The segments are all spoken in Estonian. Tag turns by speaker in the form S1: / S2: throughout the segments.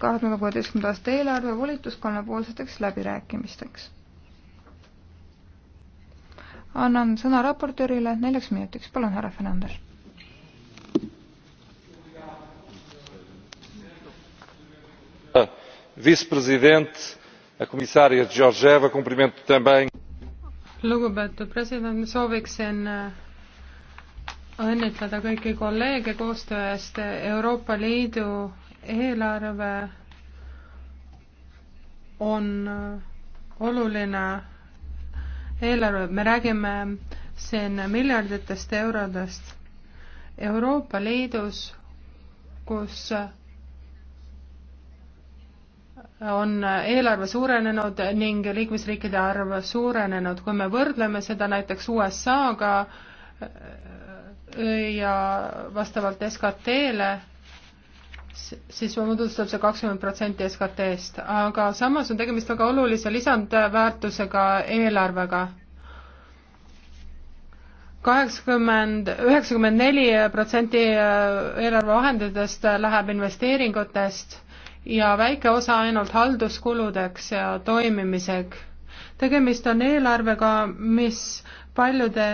S1: kahe tuhande kuueteistkümnenda aasta eelarve volitus kolmepoolseteks läbirääkimisteks. annan sõna raportöörile neljaks minutiks, palun, härra Fernandes. Vice-president, komissaria Georgieva, kompliment também.
S2: lugupeetud president, sooviksin äh, õnnitleda kõiki kolleege koostöö eest Euroopa Liidu eelarve on oluline eelarve, me räägime siin miljarditest eurodest. Euroopa Liidus, kus on eelarve suurenenud ning liikmesriikide arv suurenenud, kui me võrdleme seda näiteks USA-ga ja vastavalt SKT-le, siis moodustab see kakskümmend protsenti SKT-st, aga samas on tegemist väga olulise lisandväärtusega eelarvega. kaheksakümmend, üheksakümmend neli protsenti äh, eelarvevahenditest läheb investeeringutest ja väike osa ainult halduskuludeks ja toimimisega. tegemist on eelarvega, mis paljude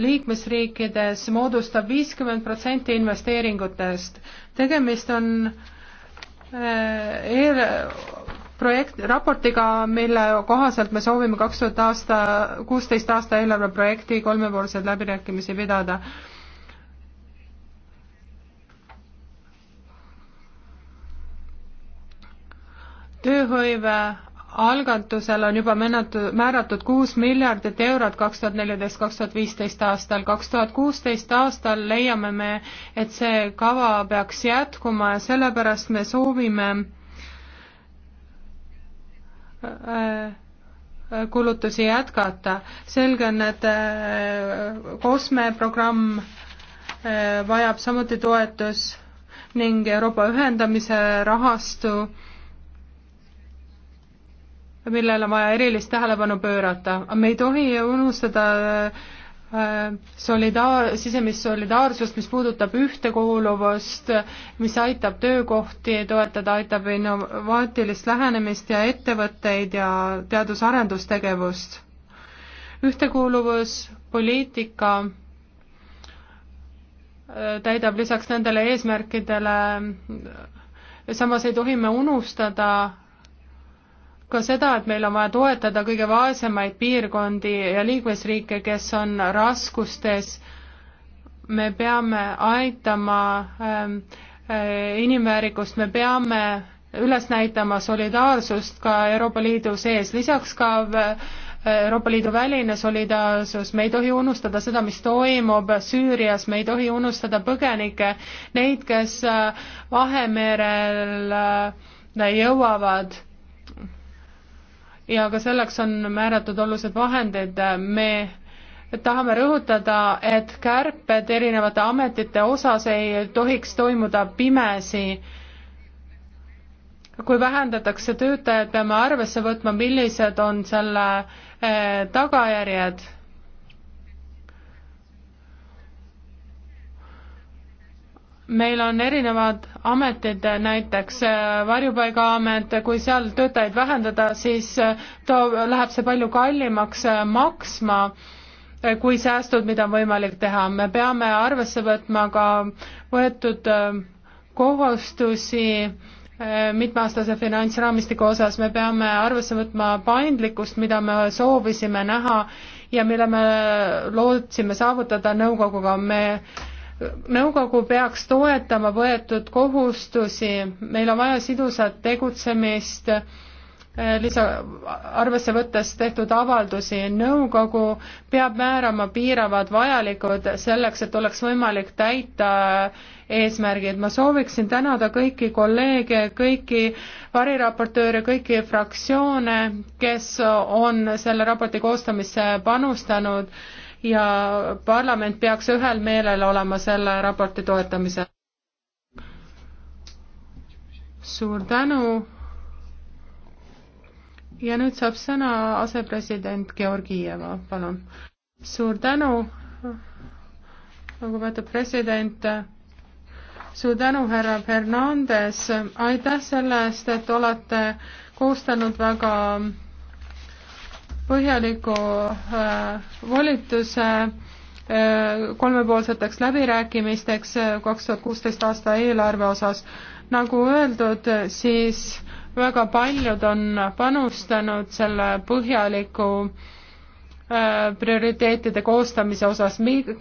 S2: liikmesriikides moodustab viiskümmend protsenti investeeringutest tegemist on äh, eel-, projekt, raportiga, mille kohaselt me soovime kaks tuhat aasta, kuusteist aasta eelarveprojekti kolmepoolseid läbirääkimisi pidada. tööhõive algatusel on juba menatu-, määratud kuus miljardit eurot kaks tuhat neliteist, kaks tuhat viisteist aastal. kaks tuhat kuusteist aastal leiame me, et see kava peaks jätkuma ja sellepärast me soovime äh, kulutusi jätkata. selge on, et äh, COSME programm äh, vajab samuti toetus ning Euroopa ühendamise rahastu millele on vaja erilist tähelepanu pöörata. me ei tohi unustada äh, solidaar-, sisemist solidaarsust, mis puudutab ühtekuuluvust, mis aitab töökohti toetada, aitab innovaatilist lähenemist ja ettevõtteid ja teadus-arendustegevust. ühtekuuluvuspoliitika äh, täidab lisaks nendele eesmärkidele, samas ei tohi me unustada ka seda, et meil on vaja toetada kõige vaesemaid piirkondi ja liikmesriike, kes on raskustes. me peame aitama ähm, äh, inimväärikust, me peame üles näitama solidaarsust ka Euroopa Liidu sees, lisaks ka äh, Euroopa Liidu väline solidaarsus, me ei tohi unustada seda, mis toimub Süürias, me ei tohi unustada põgenikke, neid, kes äh, Vahemerel jõuavad ja ka selleks on määratud olulised vahendid, me tahame rõhutada, et kärped erinevate ametite osas ei tohiks toimuda pimesi. kui vähendatakse töötajaid, peame arvesse võtma, millised on selle eh, tagajärjed meil on erinevad ametid, näiteks äh, varjupaigaamet, kui seal töötajaid vähendada, siis äh, too, läheb see palju kallimaks äh, maksma kui säästud, mida on võimalik teha. me peame arvesse võtma ka võetud kohustusi mitmeaastase finantsraamistiku osas, me peame arvesse võtma paindlikkust, mida me soovisime näha ja mille me lootsime saavutada nõukoguga. me nõukogu peaks toetama võetud kohustusi, meil on vaja sidusat tegutsemist, äh, lisa, arvesse võttes tehtud avaldusi, nõukogu peab määrama piiravad vajalikud selleks, et oleks võimalik täita eesmärgid. ma sooviksin tänada kõiki kolleege, kõiki variraportööre, kõiki fraktsioone, kes on selle raporti koostamisse panustanud ja parlament peaks ühel meelel olema selle raporti toetamisel. suur tänu. ja nüüd saab sõna asepresident Georgieva, palun. suur tänu, lugupeetud president suur tänu, härra Fernandes, aitäh selle eest, et olete koostanud väga põhjaliku äh, volituse äh, kolmepoolseteks läbirääkimisteks äh, kaks tuhat kuusteist aasta eelarve osas. nagu öeldud, siis väga paljud on panustanud selle põhjaliku prioriteetide koostamise osas,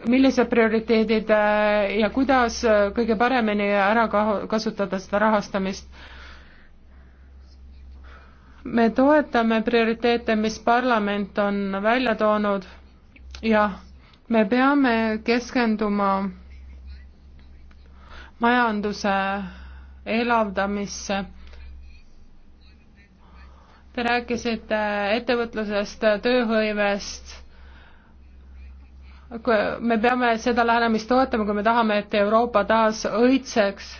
S2: millised prioriteedid ja kuidas kõige paremini ära kasutada seda rahastamist me toetame prioriteete, mis parlament on välja toonud ja me peame keskenduma majanduse elavdamisse. Te rääkisite ettevõtlusest, tööhõivest. me peame seda lähenemist toetama, kui me tahame, et Euroopa taas õitseks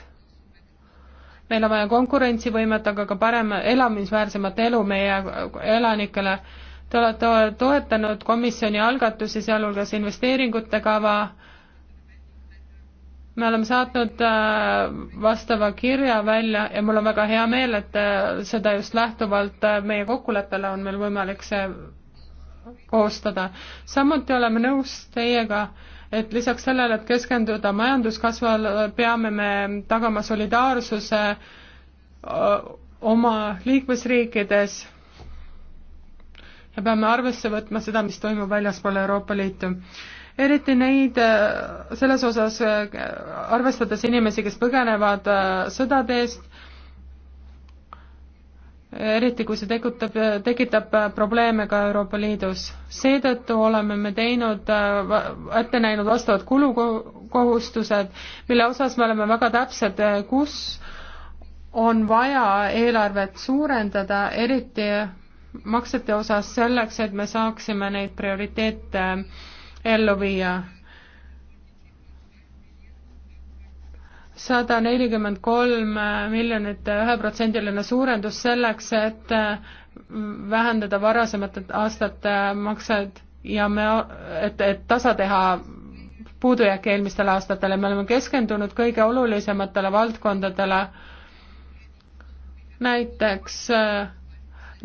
S2: meil on vaja konkurentsivõimet, aga ka parem, elamisväärsemat elu meie elanikele. Te olete toetanud komisjoni algatusi, sealhulgas investeeringute kava, me oleme saatnud äh, vastava kirja välja ja mul on väga hea meel, et äh, seda just lähtuvalt äh, meie kokkuleppele on meil võimalik see koostada. samuti oleme nõus teiega äh, et lisaks sellele, et keskenduda majanduskasvale, peame me tagama solidaarsuse oma liikmesriikides ja peame arvesse võtma seda, mis toimub väljaspool Euroopa Liitu. eriti neid, selles osas arvestades inimesi, kes põgenevad sõdade eest, eriti kui see tegutab, tekitab probleeme ka Euroopa Liidus. seetõttu oleme me teinud, ette näinud vastavad kulukohustused, mille osas me oleme väga täpsed, kus on vaja eelarvet suurendada, eriti maksete osas selleks, et me saaksime neid prioriteete ellu viia sada nelikümmend kolm miljonit üheprotsendiline suurendus selleks, et vähendada varasemate aastate maksed ja me, et, et tasa teha puudujääk eelmistele aastatele, me oleme keskendunud kõige olulisematele valdkondadele, näiteks äh,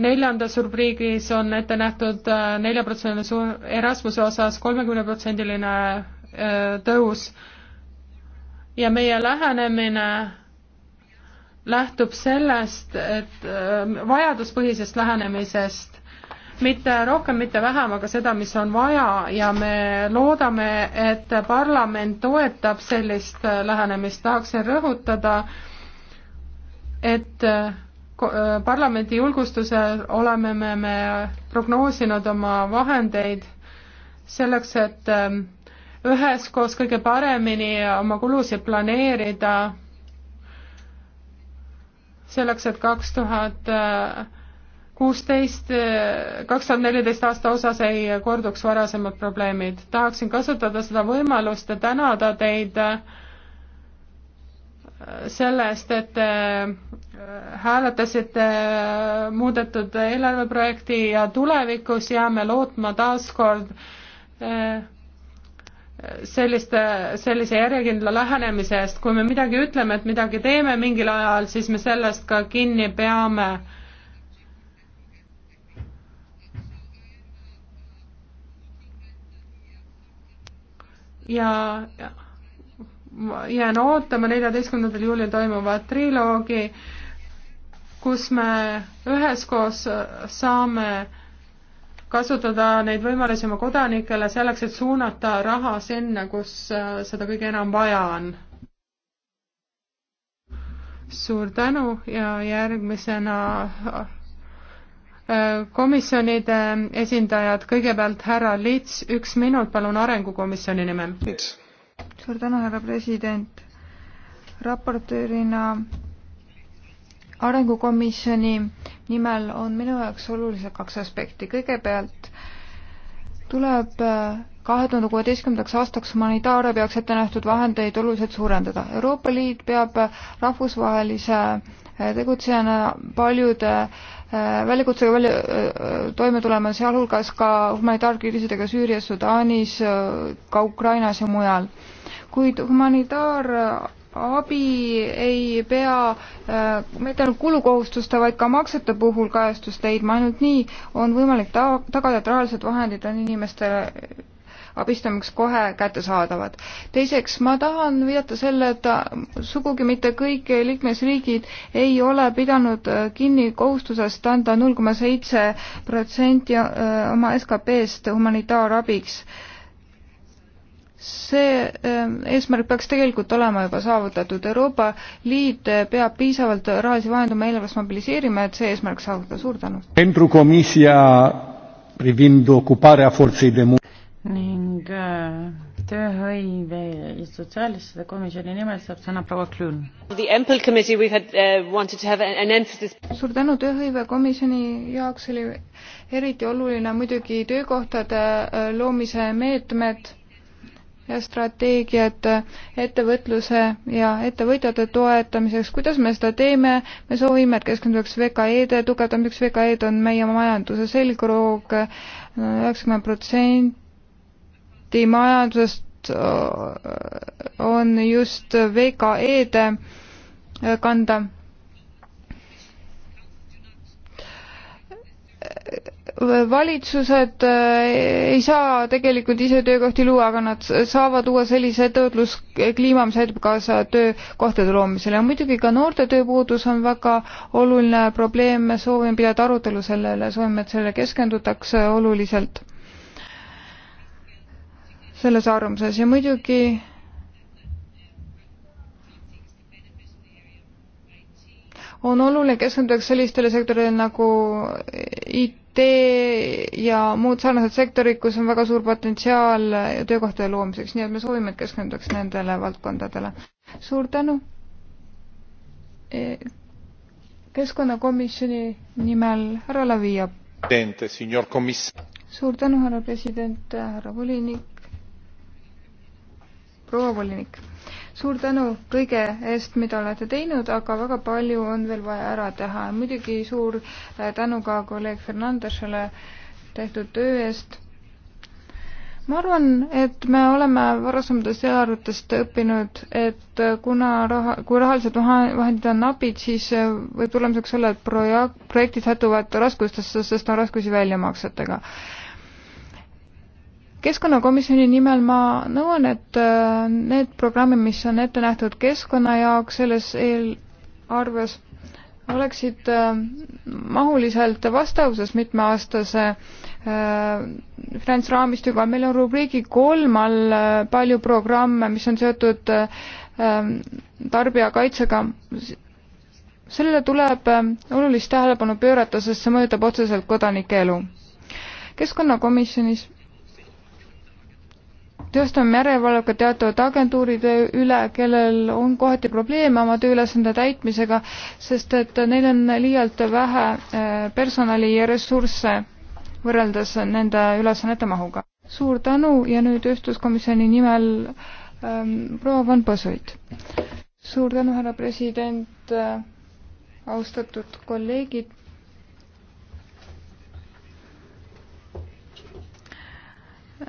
S2: neljandas rubriigis on ette nähtud äh, neljaprotsendiline Erasmuse osas kolmekümneprotsendiline äh, tõus ja meie lähenemine lähtub sellest, et äh, vajaduspõhisest lähenemisest, mitte rohkem, mitte vähem, aga seda, mis on vaja ja me loodame, et parlament toetab sellist äh, lähenemist, tahaksin rõhutada, et äh, parlamendi julgustusel oleme me, me prognoosinud oma vahendeid selleks, et ähm, üheskoos kõige paremini oma kulusid planeerida selleks, et kaks tuhat äh, kuusteist, äh, kaks tuhat neliteist aasta osas ei korduks varasemad probleemid. tahaksin kasutada seda võimalust ja tänada teid äh, selle eest, et te hääletasite muudetud eelarveprojekti ja tulevikus jääme lootma taaskord selliste, sellise järjekindla lähenemise eest, kui me midagi ütleme, et midagi teeme mingil ajal, siis me sellest ka kinni peame. ja, ja jään ootama neljateistkümnendal juulil toimuvat triloogi, kus me üheskoos saame kasutada neid võimalusi oma kodanikele selleks, et suunata raha sinna, kus äh, seda kõige enam vaja on. suur tänu ja järgmisena äh, komisjonide esindajad, kõigepealt härra Liits, üks minut, palun, Arengukomisjoni nimel.
S1: suur tänu, härra president. raportöörina arengukomisjoni nimel on minu jaoks olulised kaks aspekti. kõigepealt tuleb äh, kahe tuhande kuueteistkümnendaks aastaks humanitaarabi jaoks ette nähtud vahendeid oluliselt suurendada. Euroopa Liit peab äh, rahvusvahelise äh, tegutsejana paljude väljakutsega välja toime tulema, sealhulgas ka humanitaarkriisidega Süürias, Sudaanis, ka Ukrainas ja mujal. kuid humanitaar abi ei pea äh, mitte ainult kulukohustuste, vaid ka maksete puhul kajastust leidma, ainult nii on võimalik ta-, tagada, et rahalised vahendid on inimestele äh, abistamiseks kohe kättesaadavad. teiseks, ma tahan viidata selle, et äh, sugugi mitte kõik liikmesriigid ei ole pidanud kinni kohustusest anda null koma seitse protsenti oma SKP-st humanitaarabiks äh, see ähm, eesmärk peaks tegelikult olema juba saavutatud. Euroopa Liit äh, peab piisavalt rahalisi vahendeid oma eelarvest mobiliseerima, et see eesmärk saavutada. suur tänu! ning äh, tööhõive
S3: ja sotsiaalasjade komisjoni nimel saab sõna proua Klün.
S1: Uh, suur tänu, tööhõive komisjoni jaoks oli eriti oluline muidugi töökohtade äh, loomise meetmed strateegiat ettevõtluse ja ettevõtjate toetamiseks, kuidas me seda teeme, me soovime, et keskenduks VKE-de tugevdamiseks, VKE-d on meie majanduse selgroog, üheksakümmend protsenti majandusest äh, on just VKE-de kanda valitsused äh, ei saa tegelikult ise töökohti luua, aga nad saavad luua sellise töötluskliima, mis aitab kaasa töökohtade loomisele. muidugi ka noorte tööpuudus on väga oluline probleem, me soovime pidada arutelu selle üle, soovime, et sellele keskendutaks oluliselt selles arvamuses ja muidugi on oluline keskenduda sellistele sektorile nagu IT ja muud sarnased sektorid, kus on väga suur potentsiaal töökohtade loomiseks, nii et me soovime, et keskenduks nendele valdkondadele. suur tänu! E, keskkonnakomisjoni nimel härra Lavia. suur tänu, härra president, härra volinik, proua volinik suur tänu kõige eest, mida olete teinud, aga väga palju on veel vaja ära teha. muidugi suur äh, tänu ka kolleeg Fernandesele tehtud töö eest. ma arvan, et me oleme varasematest eelarvetest õppinud, et äh, kuna raha, kui rahalised vahendid on napid, siis äh, võib tulemuseks olla, et proja-, projektid satuvad raskustesse, sest on raskusi väljamaksetega keskkonnakomisjoni nimel ma nõuan, et äh, need programmid, mis on ette nähtud keskkonna jaoks selles eelarves, oleksid äh, mahuliselt vastavuses mitmeaastase äh, finantsraamistikuga. meil on rubriigi kolm all palju programme, mis on seotud tarbijakaitsega. sellele tuleb olulist tähelepanu pöörata, sest see mõjutab otseselt kodanike elu. keskkonnakomisjonis teostame järelevalvet ka teatud agentuuride üle, kellel on kohati probleeme oma tööülesande täitmisega, sest et neil on liialt vähe eh, personali ja ressursse võrreldes nende ülesannete mahuga. suur tänu ja nüüd ühtluskomisjoni nimel ähm, proua von Põsuit. suur tänu, härra president äh,, austatud kolleegid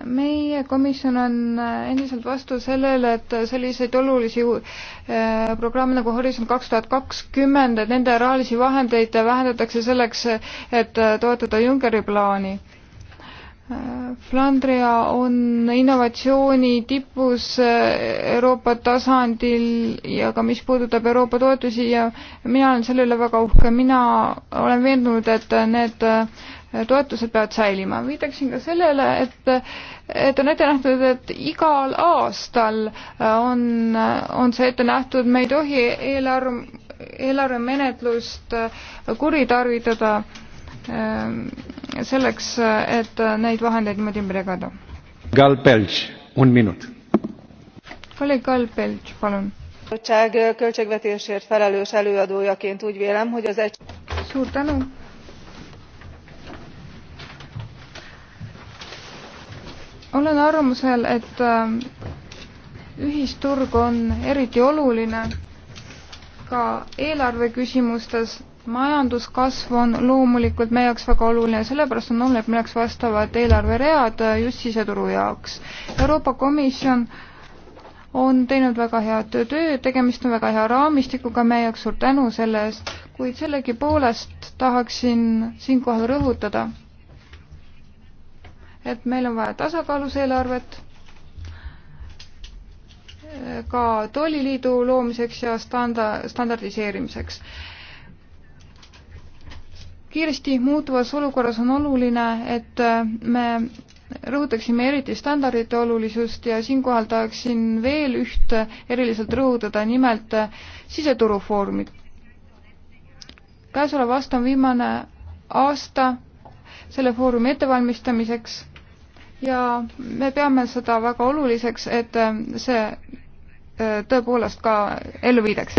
S1: meie komisjon on äh, endiselt vastu sellele, et selliseid olulisi äh, programme nagu Horisont kaks tuhat kakskümmend, et nende rahalisi vahendeid vähendatakse selleks, et äh, toetada Junckeri plaani. Flandria on innovatsiooni tipus Euroopa tasandil ja ka mis puudutab Euroopa toetusi ja mina olen selle üle väga uhke, mina olen veendunud, et need toetused peavad säilima. viitaksin ka sellele, et, et on ette nähtud, et igal aastal on, on see ette nähtud, me ei tohi eelarv, eelarvemenetlust kuritarvitada selleks, et neid vahendeid niimoodi ümber jagada.
S2: Gal Pelch, un minut.
S1: kolleeg Gal Pelch, palun. bizottság költségvetésért felelős előadójaként úgy vélem, hogy az egy... suur tänu olen arvamusel, et ähm, ühisturg on eriti oluline ka eelarve küsimustes. majanduskasv on loomulikult meie jaoks väga oluline, sellepärast on oluline, et meil oleks vastavad eelarveread äh, just siseturu jaoks. Euroopa Komisjon on teinud väga head tööd, tegemist on väga hea raamistikuga meie jaoks, suur tänu selle eest, kuid sellegipoolest tahaksin siinkohal rõhutada et meil on vaja tasakaalus eelarvet ka tolliliidu loomiseks ja standa-, standardiseerimiseks. kiiresti muutuvas olukorras on oluline, et me rõhutaksime eriti standardite olulisust ja siinkohal tahaksin veel üht eriliselt rõhutada, nimelt siseturufoorumid. käesolev aasta on viimane aasta selle foorumi ettevalmistamiseks ja me peame seda väga oluliseks, et äh, see äh, tõepoolest ka ellu viidaks.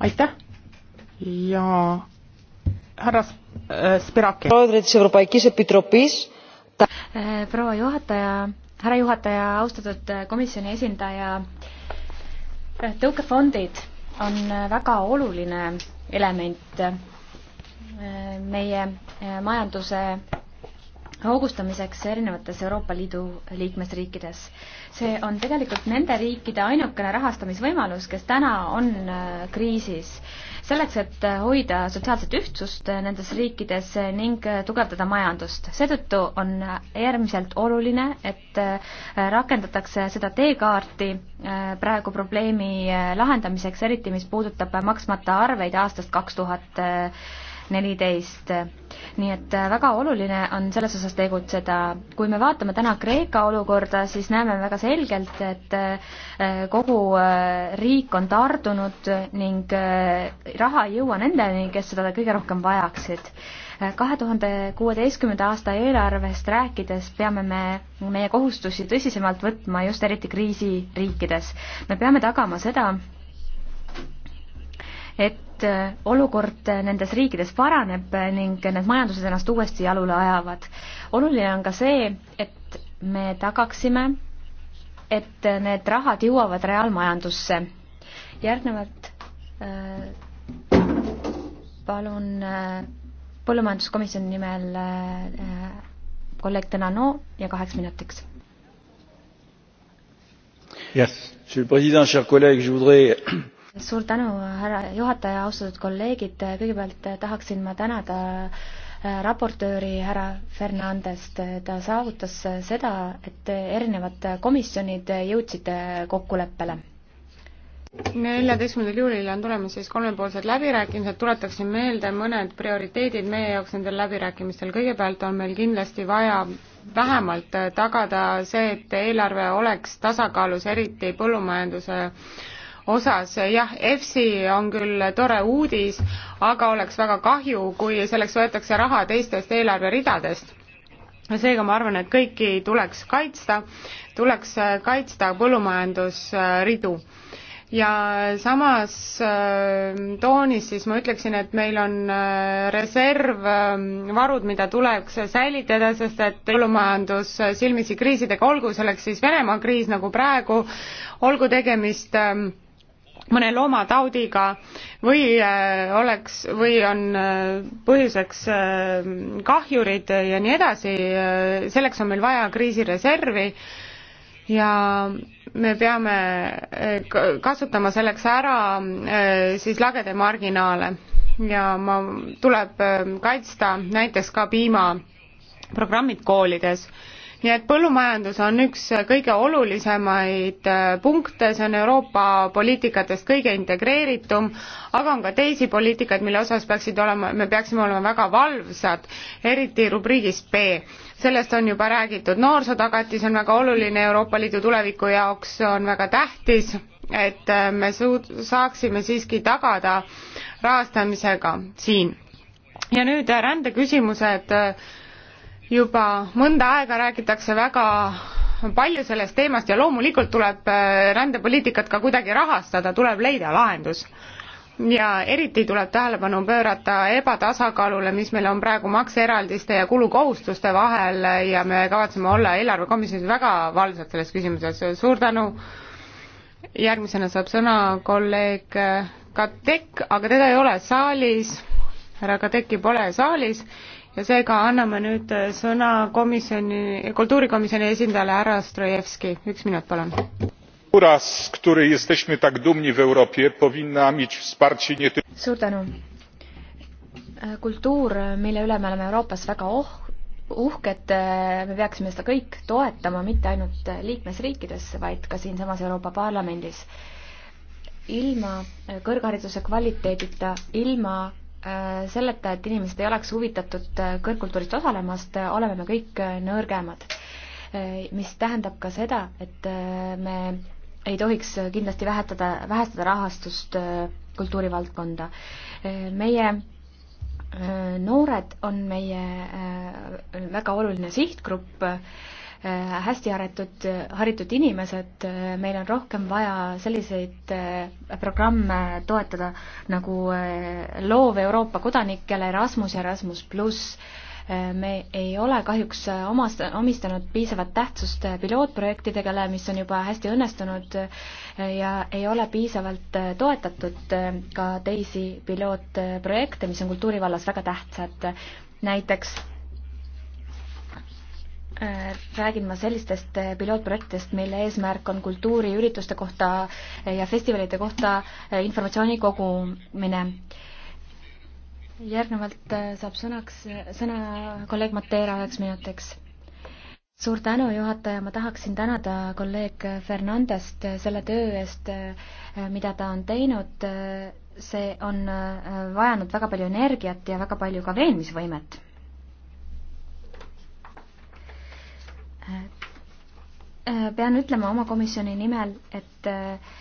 S4: aitäh ja härra äh, Spiraki. proua juhataja, härra juhataja, austatud komisjoni esindaja, tõukefondid on väga oluline element meie majanduse hoogustamiseks erinevates Euroopa Liidu liikmesriikides. see on tegelikult nende riikide ainukene rahastamisvõimalus, kes täna on äh, kriisis. selleks, et äh, hoida sotsiaalset ühtsust äh, nendes riikides ning tugevdada majandust. seetõttu on äärmiselt oluline, et rakendatakse seda teekaarti praegu probleemi lahendamiseks, eriti mis puudutab maksmata arveid aastast kaks tuhat neliteist. nii et äh, väga oluline on selles osas tegutseda. kui me vaatame täna Kreeka olukorda, siis näeme väga selgelt, et äh, kogu äh, riik on tardunud ning raha ei jõua nendeni, kes seda kõige rohkem vajaksid kahe tuhande kuueteistkümnenda aasta eelarvest rääkides peame me meie kohustusi tõsisemalt võtma just eriti kriisiriikides. me peame tagama seda, et et äh, olukord äh, nendes riikides paraneb äh, ning need majandused ennast uuesti jalule ajavad. oluline on ka see, et me tagaksime, et need rahad jõuavad reaalmajandusse. järgnevalt äh, palun äh, põllumajanduskomisjoni nimel äh, kolleeg Tõnano ja kaheks minutiks.
S1: Yes. Monsieur le Président, chers collègues, je voudrais
S4: suur tänu, härra juhataja, austatud kolleegid, kõigepealt tahaksin ma tänada äh, raportööri härra Fernandest, ta saavutas seda, et erinevad komisjonid jõudsid kokkuleppele
S5: neljateistkümnendal juulil on tulemas siis kolmepoolsed läbirääkimised, tuletaksin meelde mõned prioriteedid meie jaoks nendel läbirääkimistel, kõigepealt on meil kindlasti vaja vähemalt tagada see, et eelarve oleks tasakaalus, eriti põllumajanduse osas, jah, EFSI on küll tore uudis, aga oleks väga kahju, kui selleks võetakse raha teistest eelarveridadest. seega ma arvan, et kõiki tuleks kaitsta, tuleks kaitsta põllumajandusridu ja samas äh, toonis siis ma ütleksin, et meil on äh, reservvarud, ähm, mida tuleks säilitada, sest et põllumajandus äh, silmitsi kriisidega, olgu selleks siis Venemaa kriis nagu praegu, olgu tegemist ähm, mõne loomataudiga või äh, oleks või on äh, põhjuseks äh, kahjurid ja nii edasi, selleks on meil vaja kriisireservi ja me peame kasutama selleks ära siis lagede marginaale ja ma, tuleb kaitsta näiteks ka piimaprogrammid koolides nii et põllumajandus on üks kõige olulisemaid äh, punkte, see on Euroopa poliitikatest kõige integreeritum, aga on ka teisi poliitikaid, mille osas peaksid olema, me peaksime olema väga valvsad, eriti rubriigis B. sellest on juba räägitud, noorsootagatis on väga oluline Euroopa Liidu tuleviku jaoks, on väga tähtis, et äh, me suud-, saaksime siiski tagada rahastamisega siin. ja nüüd äh, rändeküsimused äh, juba mõnda aega räägitakse väga palju sellest teemast ja loomulikult tuleb äh, rändepoliitikat ka kuidagi rahastada, tuleb leida lahendus. ja eriti tuleb tähelepanu pöörata ebatasakaalule, mis meil on praegu makseeraldiste ja kulukohustuste vahel ja me kavatseme olla eelarvekomisjonis väga valvsad selles küsimuses, suur tänu. järgmisena saab sõna kolleeg äh, Katek, aga teda ei ole saalis, härra Kateki pole saalis ja seega anname nüüd äh, sõna komisjoni, kultuurikomisjoni esindajale härra Strojevski, üks
S4: minut palun.
S2: kultuura, z której jesteśmy tak dumni w Europie, powinna mieć wsparcie
S4: nie tylko. suur tänu. Äh, kultuur, mille üle me oleme Euroopas väga oh-, uhked, äh, me peaksime seda kõik toetama, mitte ainult liikmesriikides, vaid ka siinsamas Euroopa Parlamendis. ilma kõrghariduse kvaliteedita, ilma Äh, selleta, et inimesed ei oleks huvitatud äh, kõrgkultuurist osalemast, äh, oleme me kõik nõrgemad. mis tähendab ka seda, et me ei tohiks kindlasti vähetada, vähestada rahastust kultuurivaldkonda. meie noored on meie väga oluline sihtgrupp Äh, hästi haritud, haritud inimesed, äh, meil on rohkem vaja selliseid äh, programme toetada nagu loov Euroopa kodanikele, Erasmus ja Erasmus pluss. me ei ole kahjuks omast-, omistanud piisavat tähtsust pilootprojektidele, mis on juba hästi õnnestunud ja ei ole piisavalt toetatud ka teisi pilootprojekte, mis on kultuuri vallas väga tähtsad. näiteks Äh, räägin ma sellistest äh, pilootprojektidest, mille eesmärk on kultuuriürituste kohta äh, ja festivalide kohta informatsiooni kogumine. järgnevalt saab sõnaks, sõna kolleeg Mateera üheks minutiks. suur tänu, juhataja, ma tahaksin tänada kolleeg Fernandest selle töö eest, mida ta on teinud, see on vajanud väga palju energiat ja väga palju ka veenmisvõimet Äh, pean ütlema oma komisjoni nimel, et äh,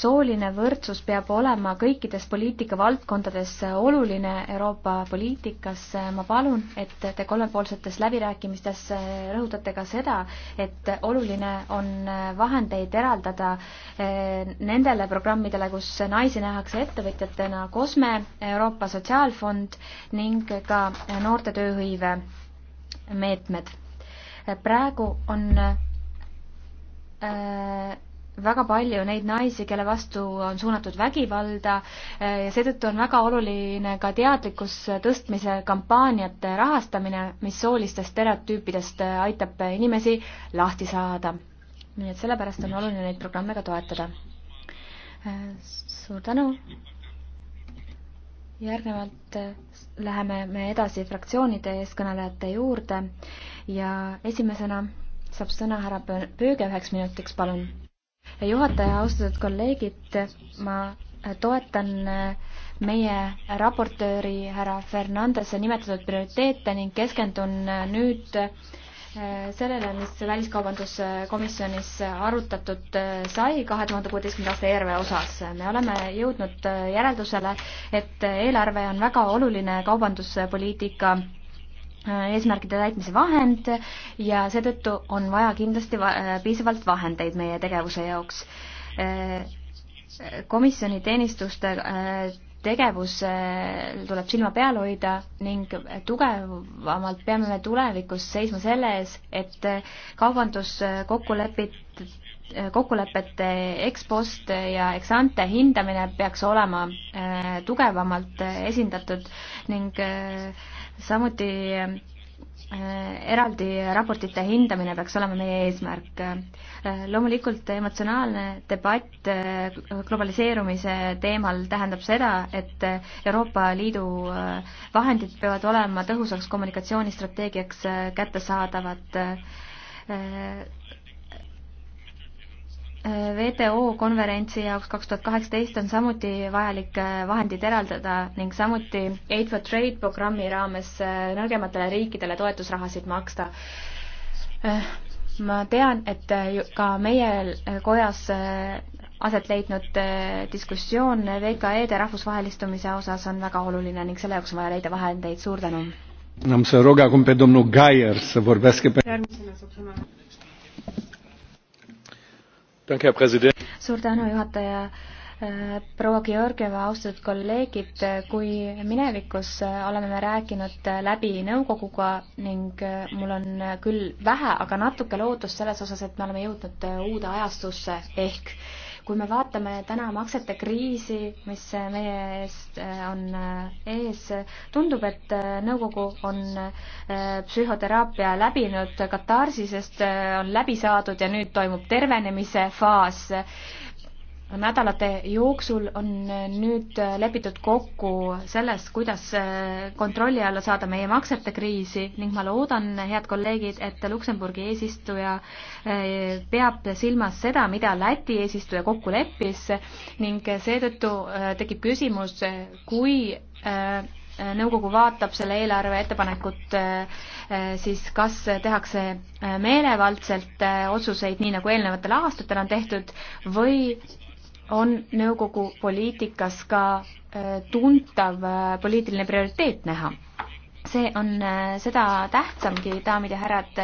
S4: sooline võrdsus peab olema kõikides poliitikavaldkondades äh, oluline Euroopa poliitikas. ma palun, et te kolmepoolsetes läbirääkimistes rõhutate ka seda, et oluline on vahendeid eraldada nendele programmidele, kus naisi nähakse ettevõtjatena, COSME, Euroopa Sotsiaalfond ning ka noorte tööhõive meetmed praegu on äh, väga palju neid naisi, kelle vastu on suunatud vägivalda äh, ja seetõttu on väga oluline ka teadlikkus tõstmise kampaaniate rahastamine, mis soolistest stereotüüpidest äh, aitab inimesi lahti saada. nii et sellepärast on oluline neid programme ka toetada. suur tänu. järgnevalt läheme me edasi fraktsioonide eeskõnelejate juurde ja esimesena saab sõna härra Pööge üheks minutiks, palun. juhataja, austatud kolleegid, ma toetan meie raportööri härra Fernandese nimetatud prioriteete ning keskendun nüüd äh, Äh, sellele, mis Väliskaubanduskomisjonis arutatud äh, sai kahe tuhande kuueteistkümnenda aasta eelarve osas. me oleme jõudnud äh, järeldusele, et eelarve on väga oluline kaubanduspoliitika eesmärkide täitmise vahend ja seetõttu on vaja kindlasti va piisavalt vahendeid meie tegevuse jaoks. komisjoni teenistuste tegevusel tuleb silma peal hoida ning tugevamalt peame me tulevikus seisma selle ees, et kaubanduskokkulepet, kokkulepete ekspost ja eksante hindamine peaks olema äh, tugevamalt esindatud ning äh, samuti äh, Äh, eraldi raportite hindamine peaks olema meie eesmärk. Äh, loomulikult emotsionaalne debatt äh, globaliseerumise teemal tähendab seda, et Euroopa Liidu vahendid peavad olema tõhusaks kommunikatsioonistrateegiaks kättesaadavad WTO konverentsi jaoks kaks tuhat kaheksateist on samuti vajalik äh, vahendid eraldada ning samuti Aid for Trade programmi raames äh, nõrgematele riikidele toetusrahasid maksta. Äh, ma tean, et ka meie kojas aset leidnud diskussioon VKE-de rahvusvahelistumise osas on väga oluline ning selle jaoks on vaja leida vahendeid, suur tänu!
S1: Am să rog
S2: acum pe domnul Gaier să vorbească pe... Iar,
S4: suur tänu, juhataja äh, proua Georgieva, austatud kolleegid, äh, kui minevikus äh, oleme me rääkinud läbi nõukoguga ning mul on küll vähe, aga natuke lootust selles osas, et me oleme jõudnud uude ajastusse ehk kui me vaatame täna maksete kriisi, mis meie eest äh, on äh, ees, tundub, et äh, nõukogu on psühhoteraapia läbinud, katarsisest on läbi saadud ja nüüd toimub tervenemise faas nädalate jooksul on nüüd lepitud kokku selles, kuidas kontrolli alla saada meie maksete kriisi ning ma loodan, head kolleegid, et Luksemburgi eesistuja eh, peab silmas seda, mida Läti eesistuja kokku leppis ning seetõttu eh, tekib küsimus, kui eh, nõukogu vaatab selle eelarve ettepanekut, siis kas tehakse meelevaldselt otsuseid, nii nagu eelnevatel aastatel on tehtud, või on nõukogu poliitikas ka äh, tuntav äh, poliitiline prioriteet näha. see on äh, seda tähtsamgi, daamid ja härrad,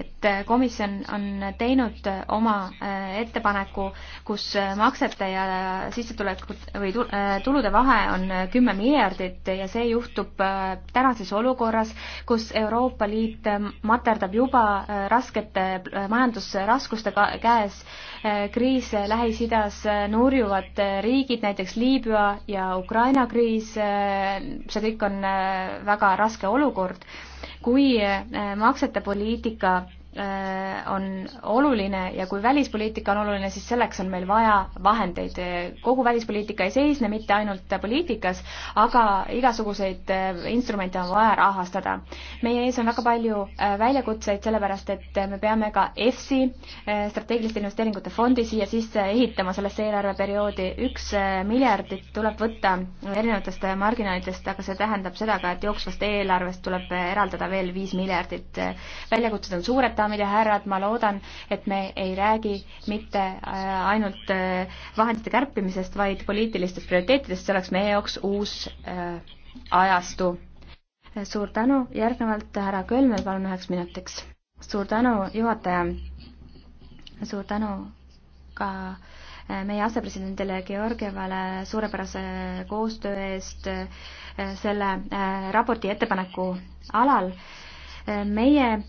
S4: et et äh, komisjon on teinud äh, oma äh, ettepaneku, kus maksete ja sissetulekud või tulude vahe on kümme miljardit ja see juhtub tänases olukorras, kus Euroopa Liit materdab juba raskete majandusraskuste käes. kriis Lähis-Idas nurjuvad riigid, näiteks Liibüa ja Ukraina kriis, see kõik on väga raske olukord kui äh, maksete poliitika äh, on oluline ja kui välispoliitika on oluline, siis selleks on meil vaja vahendeid. kogu välispoliitika ei seisne mitte ainult poliitikas, aga igasuguseid äh, instrumente on vaja rahastada. meie ees on väga palju väljakutseid, sellepärast et me peame ka EFSI, strateegiliste investeeringute fondi siia sisse ehitama sellesse eelarveperioodi. üks miljardit tuleb võtta erinevatest marginaalidest, aga see tähendab seda ka, et jooksvast eelarvest tuleb eraldada eraldada veel viis miljardit. väljakutsed on suured, daamid ja härrad, ma loodan, et me ei räägi mitte äh, ainult äh, vahendite kärpimisest, vaid poliitilistest prioriteetidest, see oleks meie jaoks uus äh, ajastu. suur tänu, järgnevalt härra Kölmel, palun üheks minutiks. suur tänu, juhataja. suur tänu ka äh, meie asepresidendile Georgievale suurepärase koostöö eest äh, selle äh, raporti ettepaneku alal. Äh, meie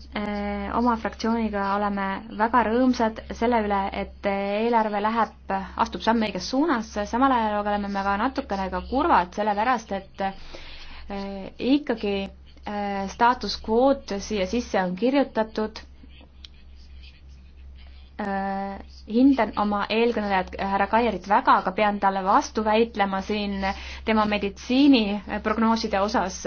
S4: oma fraktsiooniga oleme väga rõõmsad selle üle, et eelarve läheb, astub samm õiges suunas, samal ajal oleme me ka natukene ka kurvad, sellepärast et ikkagi staatuskvoot siia sisse on kirjutatud Äh, hindan oma eelkõnelejat äh, härra Kairit väga, aga pean talle vastu väitlema siin tema meditsiiniprognooside osas.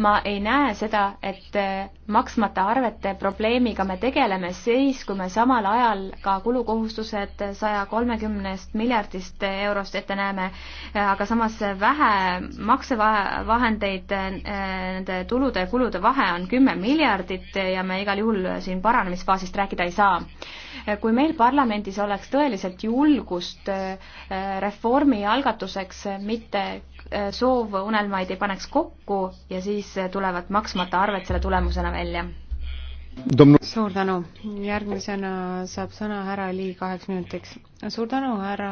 S4: ma ei näe seda, et äh, maksmata arvete probleemiga me tegeleme siis, kui me samal ajal ka kulukohustused saja kolmekümnest miljardist eurost ette näeme, aga samas vähe maksevahendeid, nende tulude ja kulude vahe on kümme miljardit ja me igal juhul siin paranemisfaasist rääkida ei saa. kui meil parlamendis oleks tõeliselt julgust reformi algatuseks, mitte Äh, soov unelmaid ei paneks kokku ja siis äh, tulevad maksmata arved selle tulemusena välja. suur tänu, järgmisena saab sõna härra Li kaheks
S5: minutiks. suur tänu, härra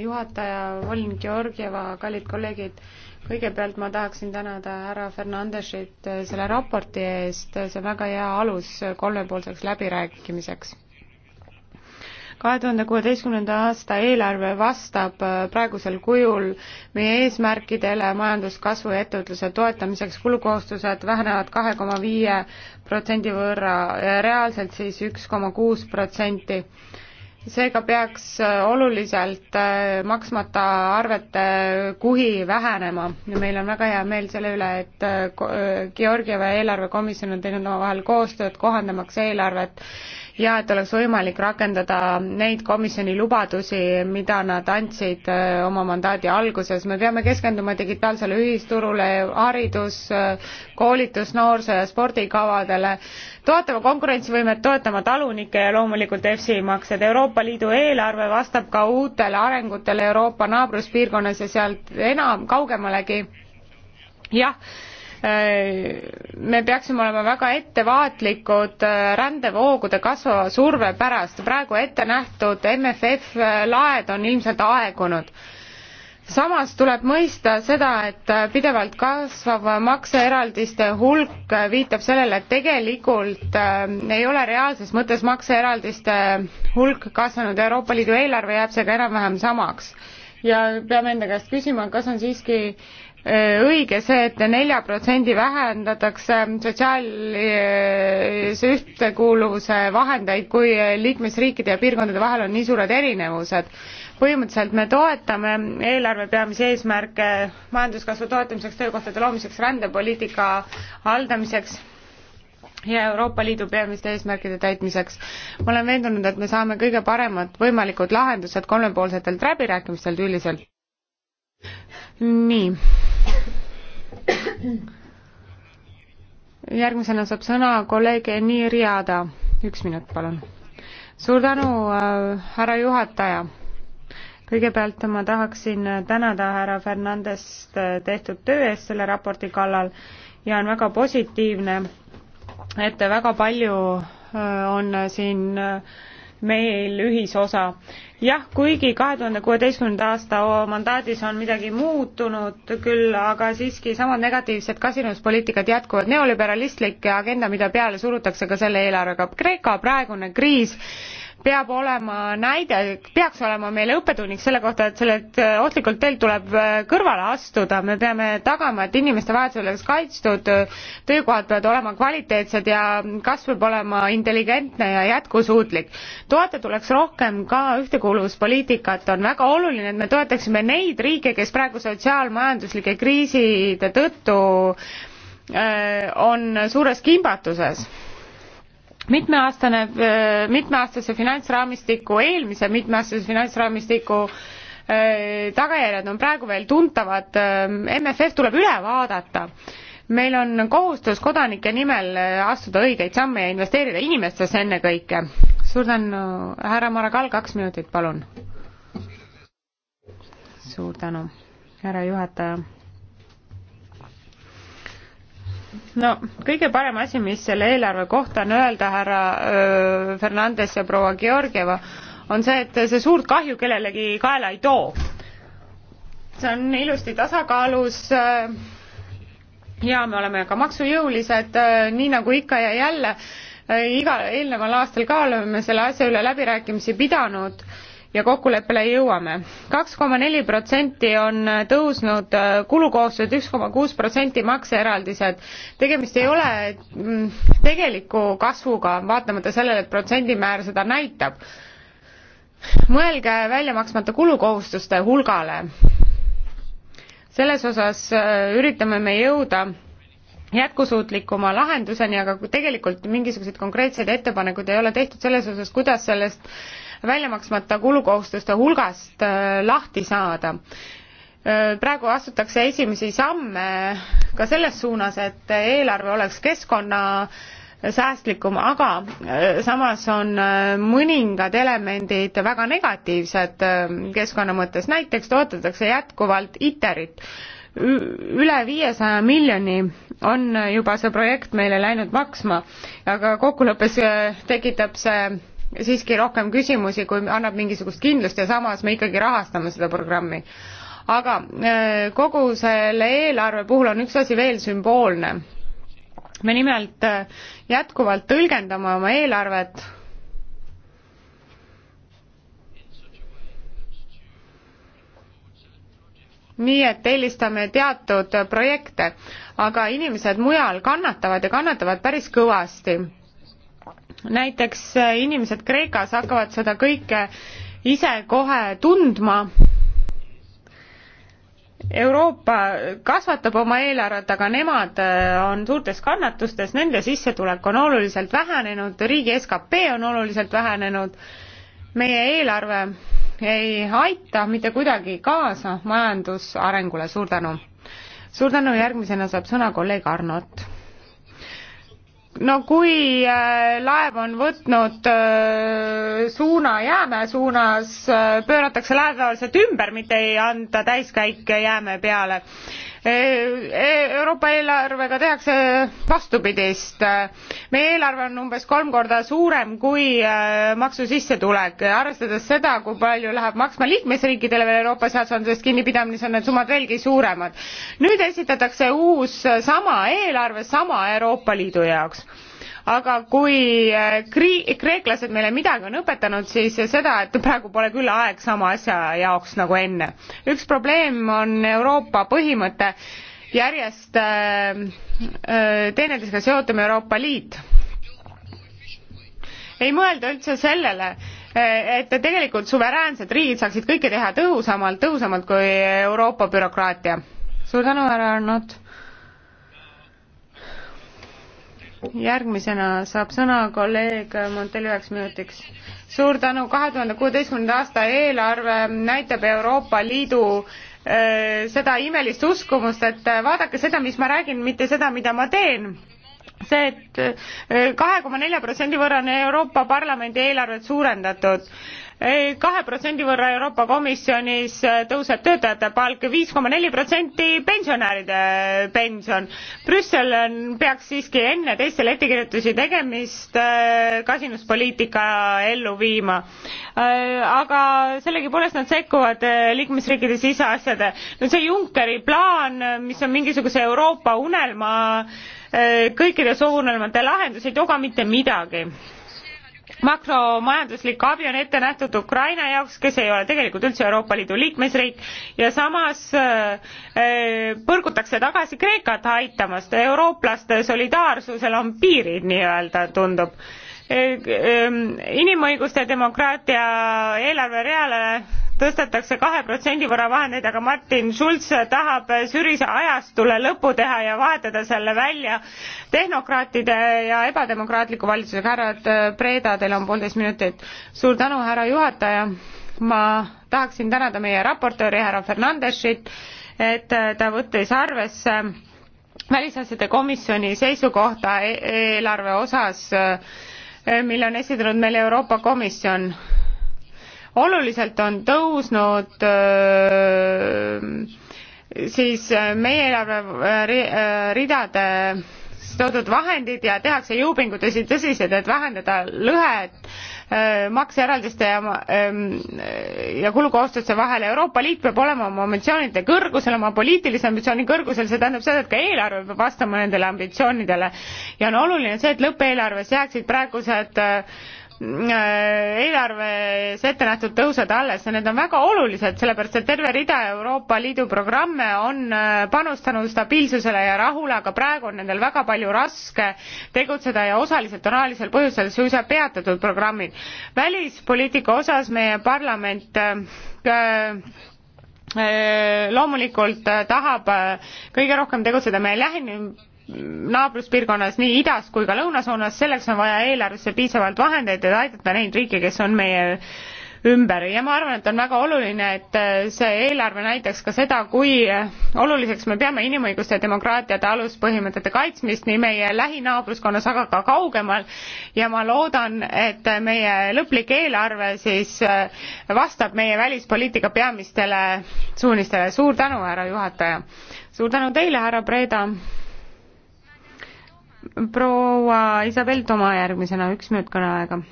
S5: juhataja, volinik Georgieva, kallid kolleegid kõigepealt ma tahaksin tänada härra Fernandesit selle raporti eest, see on väga hea alus kolmepoolseks läbirääkimiseks kahe tuhande kuueteistkümnenda aasta eelarve vastab äh, praegusel kujul meie eesmärkidele majanduskasvu ja ettevõtluse toetamiseks, kulukohustused vähenevad kahe koma viie protsendi võrra, reaalselt siis üks koma kuus protsenti seega peaks äh, oluliselt äh, maksmata arvete kuhi vähenema ja meil on väga hea meel selle üle, et Georgieva eelarvekomisjon on teinud omavahel koostööd, kohandamaks eelarvet ja et oleks võimalik rakendada neid komisjoni lubadusi, mida nad andsid äh, oma mandaadi alguses. me peame keskenduma digitaalsele ühisturule, haridus, äh, koolitus, noorsoo- ja spordikavadele, toetama konkurentsivõimet, toetama talunikke ja loomulikult EFSI maksed. Euroopa Liidu eelarve vastab ka uutele arengutele Euroopa naabruspiirkonnas ja sealt enam, kaugemalegi jah, Äh, me peaksime olema väga ettevaatlikud äh, rändevoogude kasvava surve pärast. praegu ette nähtud MFF äh, laed on ilmselt aegunud. samas tuleb mõista seda, et pidevalt kasvav makseeraldiste hulk viitab sellele, et tegelikult ei ole reaalses mõttes makseeraldiste hulk kasvanud, Euroopa Liidu eelarve jääb seega enam-vähem samaks ja peame enda käest küsima, kas on siiski äh, õige see et, et nelja protsendi vähendatakse sotsiaalse äh, ühtekuuluvuse vahendeid, kui äh, liikmesriikide ja piirkondade vahel on nii suured erinevused. põhimõtteliselt me toetame eelarve peamisi eesmärke majanduskasvu toetamiseks, töökohtade loomiseks, rändepoliitika haldamiseks ja Euroopa Liidu peamiste eesmärkide täitmiseks. ma olen veendunud, et me saame kõige paremad võimalikud lahendused kolmepoolsetelt läbirääkimistelt üldiselt. nii. järgmisena saab sõna kolleeg Eni Riada. üks minut, palun. suur tänu äh,, härra juhataja kõigepealt ma tahaksin tänada härra Fernandest äh, tehtud töö eest selle raporti kallal ja on väga positiivne, et väga palju on äh, siin äh, meil ühisosa. jah, kuigi kahe tuhande kuueteistkümnenda aasta mandaadis on midagi muutunud küll, aga siiski samad negatiivsed kasinuspoliitikad jätkuvad, neoliberalistlik agenda, mida peale surutakse ka selle eelarvega. Kreeka praegune kriis peab olema näide, peaks olema meile õppetunniks selle kohta, et sellelt äh, ohtlikult teelt tuleb äh, kõrvale astuda, me peame tagama, et inimeste vajadused oleks kaitstud, töökohad peavad olema kvaliteetsed ja kasv peab olema intelligentne ja jätkusuutlik. toeta tuleks rohkem ka ühtekuuluvuspoliitikat, on väga oluline, et me toetaksime neid riike, kes praegu sotsiaalmajanduslike kriiside tõttu äh, on suures kimbatuses mitmeaastane, äh, mitmeaastase finantsraamistiku, eelmise mitmeaastase finantsraamistiku äh, tagajärjed on praegu veel tuntavad, äh, MFF tuleb üle vaadata. meil on kohustus kodanike nimel astuda õigeid samme ja investeerida inimestesse ennekõike. suur tänu, härra Maragall, kaks minutit, palun. suur tänu, härra juhataja no kõige parem asi, mis selle eelarve kohta on öelda härra Fernandes ja proua Georgieva, on see, et see suurt kahju kellelegi kaela ei too. see on ilusti tasakaalus ja me oleme ka maksujõulised, nii nagu ikka ja jälle, igal eelneval aastal ka oleme selle asja üle läbirääkimisi pidanud ja kokkuleppele jõuame. kaks koma neli protsenti on tõusnud kulukohustused, üks koma kuus protsenti makseeraldised. tegemist ei ole mm, tegeliku kasvuga, vaatamata sellele, et protsendimäär seda näitab. mõelge väljamaksmata kulukohustuste hulgale. selles osas äh, üritame me jõuda jätkusuutlikuma lahenduseni, aga tegelikult mingisuguseid konkreetseid ettepanekuid ei ole tehtud selles osas, kuidas sellest väljamaksmata kulukohustuste hulgast äh, lahti saada. Äh, praegu astutakse esimesi samme ka selles suunas, et eelarve oleks keskkonna säästlikum, aga äh, samas on mõningad elemendid väga negatiivsed keskkonna mõttes, näiteks toodetakse jätkuvalt ITER-it üle viiesaja miljoni on juba see projekt meile läinud maksma, aga kokkuleppes tekitab see siiski rohkem küsimusi, kui annab mingisugust kindlust ja samas me ikkagi rahastame seda programmi. aga äh, kogu selle eelarve puhul on üks asi veel sümboolne. me nimelt äh, jätkuvalt tõlgendame oma eelarvet nii et eelistame teatud projekte, aga inimesed mujal kannatavad ja kannatavad päris kõvasti näiteks äh, inimesed Kreekas hakkavad seda kõike ise kohe tundma. Euroopa kasvatab oma eelarvet, aga nemad äh, on suurtes kannatustes, nende sissetulek on oluliselt vähenenud, riigi skp on oluliselt vähenenud, meie eelarve ei aita mitte kuidagi kaasa majandusarengule, suur tänu! suur tänu, järgmisena saab sõna kolleeg Arnot no kui äh, laev on võtnud äh, suuna jäämäe suunas, äh, pööratakse laev tavaliselt ümber, mitte ei anda täiskäike jäämäe peale E, e, Euroopa eelarvega tehakse vastupidist. meie eelarve on umbes kolm korda suurem kui e, maksusissetulek, arvestades seda, kui palju läheb maksma liikmesriikidele veel Euroopa seadusandlusest kinnipidamine, siis on need summad veelgi suuremad. nüüd esitatakse uus sama eelarve sama Euroopa Liidu jaoks aga kui äh, kri-, kreeklased meile midagi on õpetanud, siis seda, et praegu pole küll aeg sama asja jaoks nagu enne. üks probleem on Euroopa põhimõte, järjest äh, äh, teineteisega seotum Euroopa Liit. ei mõelda üldse sellele, et tegelikult suveräänsed riigid saaksid kõike teha tõhusamalt, tõhusamalt kui Euroopa bürokraatia. suur tänu, härra Arnold järgmisena saab sõna kolleeg Montel üheks minutiks. suur tänu, kahe tuhande kuueteistkümnenda aasta eelarve näitab Euroopa Liidu äh, seda imelist uskumust, et äh, vaadake seda, mis ma räägin, mitte seda, mida ma teen see et, et äh, kahe koma nelja protsendi võrra on Euroopa Parlamendi eelarvet suurendatud kahe protsendi võrra Euroopa Komisjonis äh, tõuseb töötajate palk viis koma neli protsenti pensionäride pension. Brüssel peaks siiski enne teistele ettekirjutusi tegemist äh, kasinuspoliitika ellu viima. Äh, aga sellegipoolest nad sekkuvad liikmesriikide siseasjade. nüüd see Junckeri plaan, mis on mingisuguse Euroopa unelma kõikide soovunelmate lahendus, ei toga mitte midagi makromajanduslikku abi on ette nähtud Ukraina jaoks, kes ei ole tegelikult üldse Euroopa Liidu liikmesriik ja samas äh, äh, põrgutakse tagasi Kreekat aitamast. eurooplaste solidaarsusel on piirid nii-öelda, tundub. Äh, inimõiguste ja demokraatia eelarvereale tõstetakse kahe protsendi võrra vahendeid, aga Martin Schulz tahab Süüriisa ajastule lõpu teha ja vahetada selle välja tehnokraatide ja ebademokraatliku valitsusega. härrad äh, Preda, teil on poolteist minutit. suur tänu, härra juhataja. ma tahaksin tänada meie raportööri härra Fernandesit, et äh, ta võttis arvesse välisasjade komisjoni seisukohta e-, eelarve osas, äh, mille on esitanud meile Euroopa Komisjon oluliselt on tõusnud siis meie eelarve ridade toodud vahendid ja tehakse jõupingutusi tõsiselt, et vähendada lõhet makseeraldiste ja, ja kulukohustuste vahel. Euroopa Liit peab olema oma ambitsioonide kõrgusel, oma poliitilise ambitsiooni kõrgusel, see tähendab seda, et ka eelarve peab vastama nendele ambitsioonidele. ja on oluline see, et lõppeelarves jääksid praegused äh, Äh, eelarves ette nähtud tõusud alles ja need on väga olulised, sellepärast et terve rida Euroopa Liidu programme on äh, panustanud stabiilsusele ja rahule, aga praegu on nendel väga palju raske tegutseda ja osaliselt on ajalisel põhjusel suisa peatatud programmid. välispoliitika osas meie parlament äh, äh loomulikult tahab kõige rohkem tegutseda meie lähinim-, naabruspiirkonnas nii idas kui ka lõunasuunas, selleks on vaja eelarvesse piisavalt vahendeid, et aidata neid riike, kes on meie ümber ja ma arvan, et on väga oluline, et äh, see eelarve näitaks ka seda, kui äh, oluliseks me peame inimõiguste ja demokraatiate aluspõhimõtete kaitsmist nii meie lähinaabruskonnas, aga ka kaugemal ja ma loodan, et meie lõplik eelarve siis äh, vastab meie välispoliitika peamistele suunistele. suur tänu, härra juhataja! suur tänu teile, härra Breda! proua Isabel Toma järgmisena, üks minut kõneaega.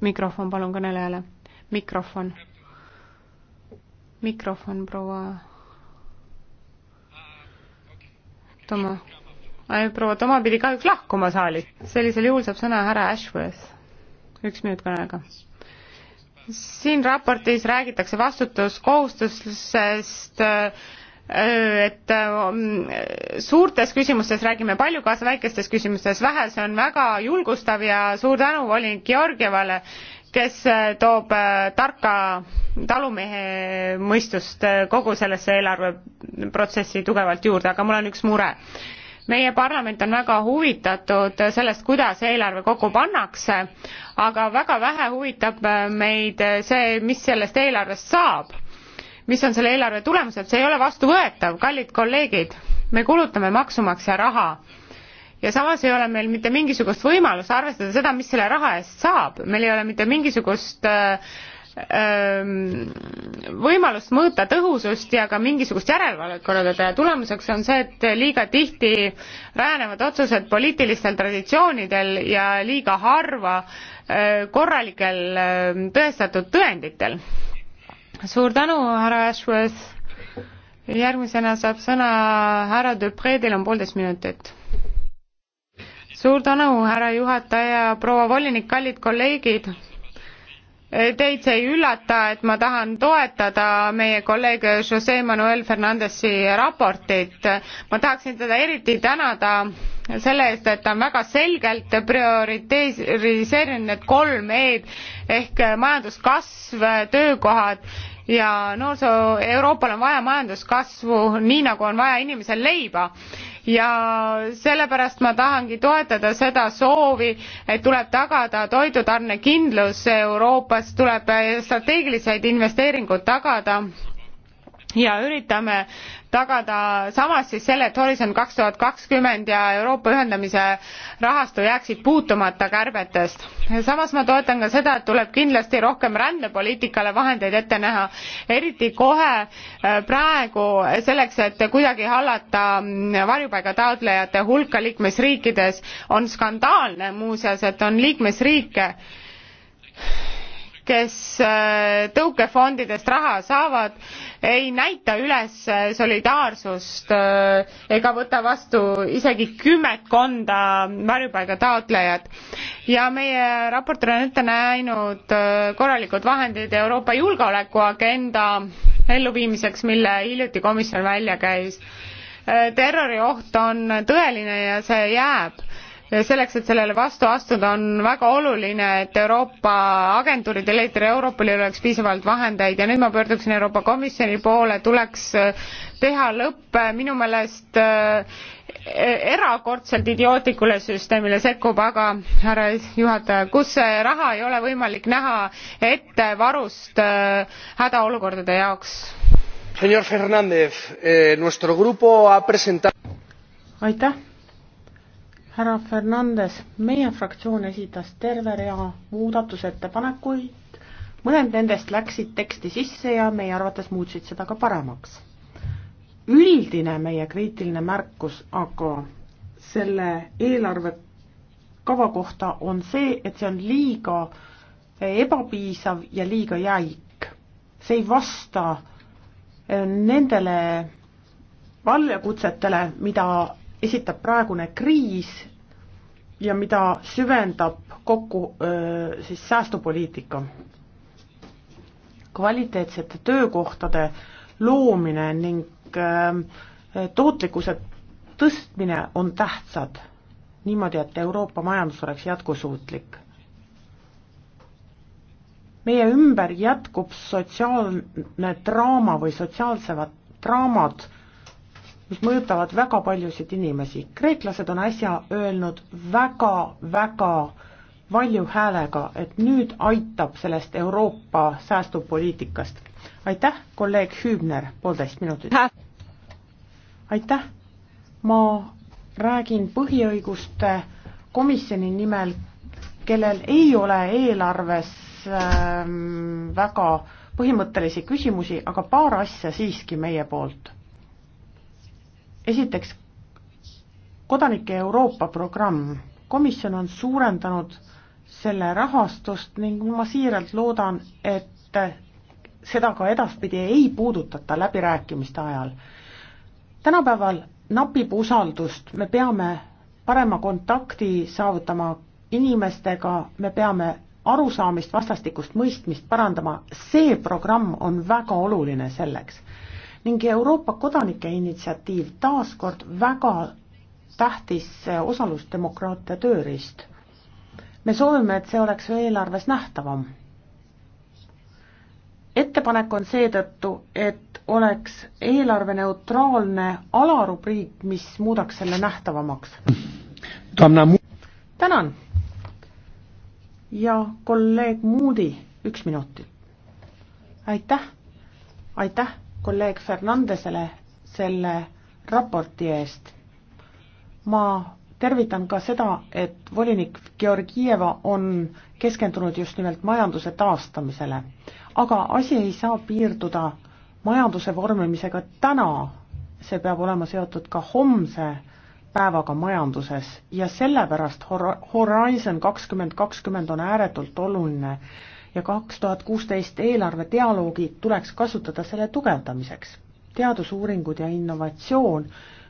S5: mikrofon palun kõnelejale, mikrofon. mikrofon, proua Toma. proua Toma pidi kahjuks lahkuma saalist, sellisel juhul saab sõna härra Ashworth. üks minut kõneaega siin raportis räägitakse vastutuskohustusest äh, et ähm, suurtes küsimustes räägime palju, kaasa väikestes küsimustes vähe, see on väga julgustav ja suur tänu volinik Georgievale, kes äh, toob äh, tarka talumehe mõistust äh, kogu sellesse eelarveprotsessi tugevalt juurde, aga mul on üks mure meie parlament on väga huvitatud sellest, kuidas eelarve kokku pannakse, aga väga vähe huvitab meid see, mis sellest eelarvest saab mis on selle eelarve tulemused, see ei ole vastuvõetav, kallid kolleegid, me kulutame maksumaksja raha ja samas ei ole meil mitte mingisugust võimalust arvestada seda, mis selle raha eest saab, meil ei ole mitte mingisugust äh, ähm, võimalust mõõta tõhusust ja ka mingisugust järelevalvet korraldada ja tulemuseks on see, et liiga tihti rajanevad otsused poliitilistel traditsioonidel ja liiga harva äh, korralikel äh, tõestatud tõenditel suur tänu, härra Ashworth. järgmisena saab sõna härra Dupre, teil on poolteist minutit. suur tänu, härra juhataja, proua volinik, kallid kolleegid Teid see ei üllata, et ma tahan toetada meie kolleeg Jose Manuel Fernandesi raportit. ma tahaksin teda eriti tänada selle eest, et ta on väga selgelt prioritiseerinud need kolm E-d ehk majanduskasv, töökohad ja noorsoo, Euroopal on vaja majanduskasvu, nii nagu on vaja inimesel leiba. ja sellepärast ma tahangi toetada seda soovi, et tuleb tagada toidutarnekindlus Euroopas, tuleb strateegilised investeeringud tagada ja üritame äh, tagada samas siis selle, et Horisont kaks tuhat kakskümmend ja Euroopa ühendamise rahastu jääksid puutumata kärbetest. samas ma toetan ka seda, et tuleb kindlasti rohkem rändepoliitikale vahendeid ette näha, eriti kohe äh, praegu selleks, et kuidagi hallata mm, varjupaigataotlejate hulka liikmesriikides. on skandaalne muuseas, et on liikmesriike, kes äh, tõukefondidest raha saavad, ei näita üles äh, solidaarsust äh, ega võta vastu isegi kümmetkonda varjupaigataotlejat. ja meie raportöör on ette näinud korralikud vahendid Euroopa julgeolekuagenda elluviimiseks, mille hiljuti komisjon välja käis. terrorioht on tõeline ja see jääb selleks, et sellele vastu astuda, on väga oluline, et Euroopa agentuuridel, eriti Europolil oleks piisavalt vahendeid ja nüüd ma pöörduksin Euroopa Komisjoni poole, tuleks äh, teha lõpp äh, minu meelest äh, erakordselt idiootlikule süsteemile sekkub, aga härra juhataja, kus see raha ei ole võimalik näha ette varust hädaolukordade jaoks?
S2: Eh,
S3: aitäh härra Fernandes, meie fraktsioon esitas terve rea muudatusettepanekuid, mõned nendest läksid teksti sisse ja meie arvates muutsid seda ka paremaks. üldine meie kriitiline märkus aga selle eelarvekava kohta on see, et see on liiga ebapiisav ja liiga jäik. see ei vasta nendele väljakutsetele, mida esitab praegune kriis ja mida süvendab kokku öö, siis säästupoliitika. kvaliteetsete töökohtade loomine ning öö, tootlikkuse tõstmine on tähtsad, niimoodi, et Euroopa majandus oleks jätkusuutlik. meie ümber jätkub sotsiaalne draama või sotsiaalsemad draamad, mis mõjutavad väga paljusid inimesi. kreeklased on äsja öelnud väga-väga valju häälega, et nüüd aitab sellest Euroopa säästupoliitikast. aitäh, kolleeg Hübner, poolteist minutit. aitäh, ma räägin põhiõiguste komisjoni nimel, kellel ei ole eelarves ähm, väga põhimõttelisi küsimusi, aga paar asja siiski meie poolt esiteks, kodanike Euroopa programm, komisjon on suurendanud selle rahastust ning ma siiralt loodan, et seda ka edaspidi ei puudutata läbirääkimiste ajal. tänapäeval napib usaldust, me peame parema kontakti saavutama inimestega, me peame arusaamist, vastastikust mõistmist parandama, see programm on väga oluline selleks ning Euroopa kodanike initsiatiiv taaskord väga tähtis osalus demokraatia tööriist. me soovime, et see oleks eelarves nähtavam. ettepanek on seetõttu, et oleks eelarveneutraalne alarubriik, mis muudaks selle nähtavamaks. tänan! ja kolleeg Moody, üks minut. aitäh, aitäh kolleeg Fernandesele selle raporti eest. ma tervitan ka seda, et volinik Georgieva on keskendunud just nimelt majanduse taastamisele. aga asi ei saa piirduda majanduse vormimisega täna, see peab olema seotud ka homse päevaga majanduses ja sellepärast Horizon kakskümmend kakskümmend on ääretult oluline ja kaks tuhat kuusteist eelarvedialoogi tuleks kasutada selle tugevdamiseks. teadusuuringud ja innovatsioon,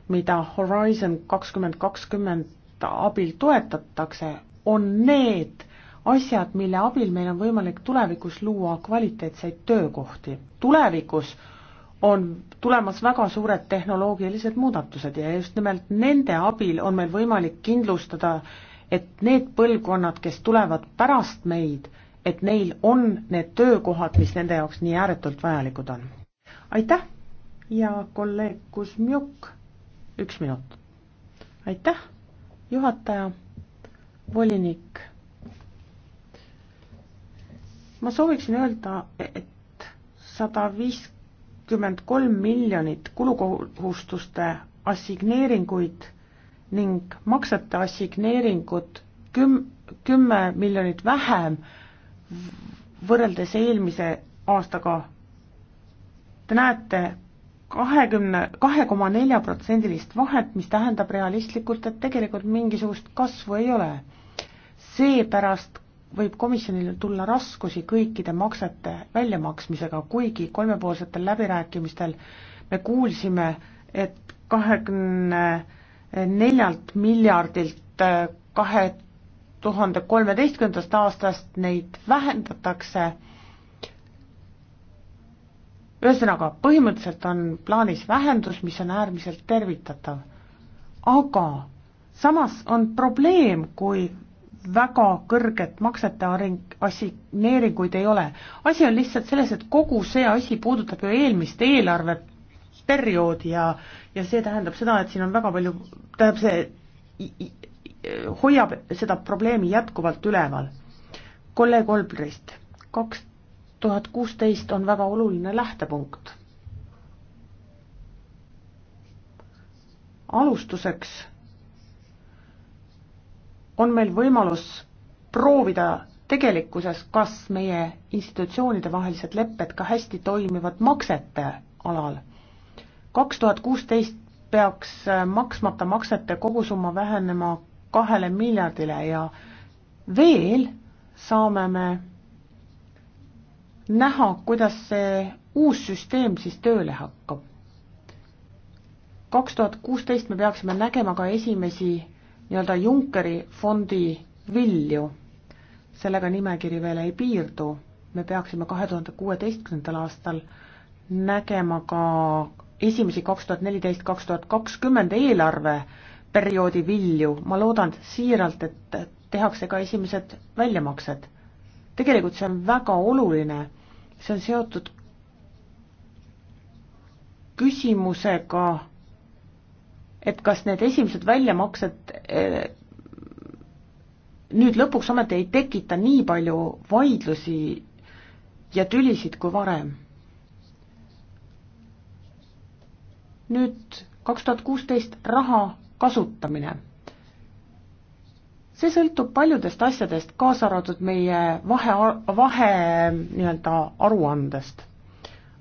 S3: mida Horizon kakskümmend kakskümmend abil toetatakse, on need asjad, mille abil meil on võimalik tulevikus luua kvaliteetseid töökohti. tulevikus on tulemas väga suured tehnoloogilised muudatused ja just nimelt nende abil on meil võimalik kindlustada, et need põlvkonnad, kes tulevad pärast meid, et neil on need töökohad, mis nende jaoks nii ääretult vajalikud on. aitäh ja kolleeg Kuzmjuk, üks minut. aitäh, juhataja, volinik. ma sooviksin öelda, et sada viiskümmend kolm miljonit kulukohustuste assigneeringuid ning maksete assigneeringud küm-, kümme miljonit vähem võrreldes eelmise aastaga. Te näete kahekümne, kahe koma nelja protsendilist vahet, mis tähendab realistlikult, et tegelikult mingisugust kasvu ei ole. seepärast võib komisjonil tulla raskusi kõikide maksete väljamaksmisega, kuigi kolmepoolsetel läbirääkimistel me kuulsime, et kahekümne neljalt miljardilt äh, kahe tuhande kolmeteistkümnendast aastast neid vähendatakse. ühesõnaga, põhimõtteliselt on plaanis vähendus, mis on äärmiselt tervitatav. aga samas on probleem, kui väga kõrget maksete aring, assigneeringuid ei ole. asi on lihtsalt selles, et kogu see asi puudutab ju eelmist eelarveperioodi ja, ja see tähendab seda, et siin on väga palju, tähendab see hoiab seda probleemi jätkuvalt üleval. kolleeg Olbrist, kaks tuhat kuusteist on väga oluline lähtepunkt. alustuseks on meil võimalus proovida tegelikkuses, kas meie institutsioonide vahelised lepped ka hästi toimivad maksete alal. kaks tuhat kuusteist peaks äh, maksmata maksete kogusumma vähenema kahele miljardile ja veel saame me näha, kuidas see uus süsteem siis tööle hakkab. kaks tuhat kuusteist me peaksime nägema ka esimesi nii-öelda Junckeri fondi vilju. sellega nimekiri veel ei piirdu, me peaksime kahe tuhande kuueteistkümnendal aastal nägema ka esimesi kaks tuhat neliteist, kaks tuhat kakskümmend eelarve äh, perioodi vilju, ma loodan siiralt, et tehakse ka esimesed väljamaksed. tegelikult see on väga oluline, see on seotud küsimusega, et kas need esimesed väljamaksed eh, nüüd lõpuks ometi ei tekita nii palju vaidlusi ja tülisid kui varem. nüüd kaks tuhat kuusteist raha kasutamine. see sõltub paljudest asjadest, kaasa arvatud meie vahe, vahe nii-öelda aruandest.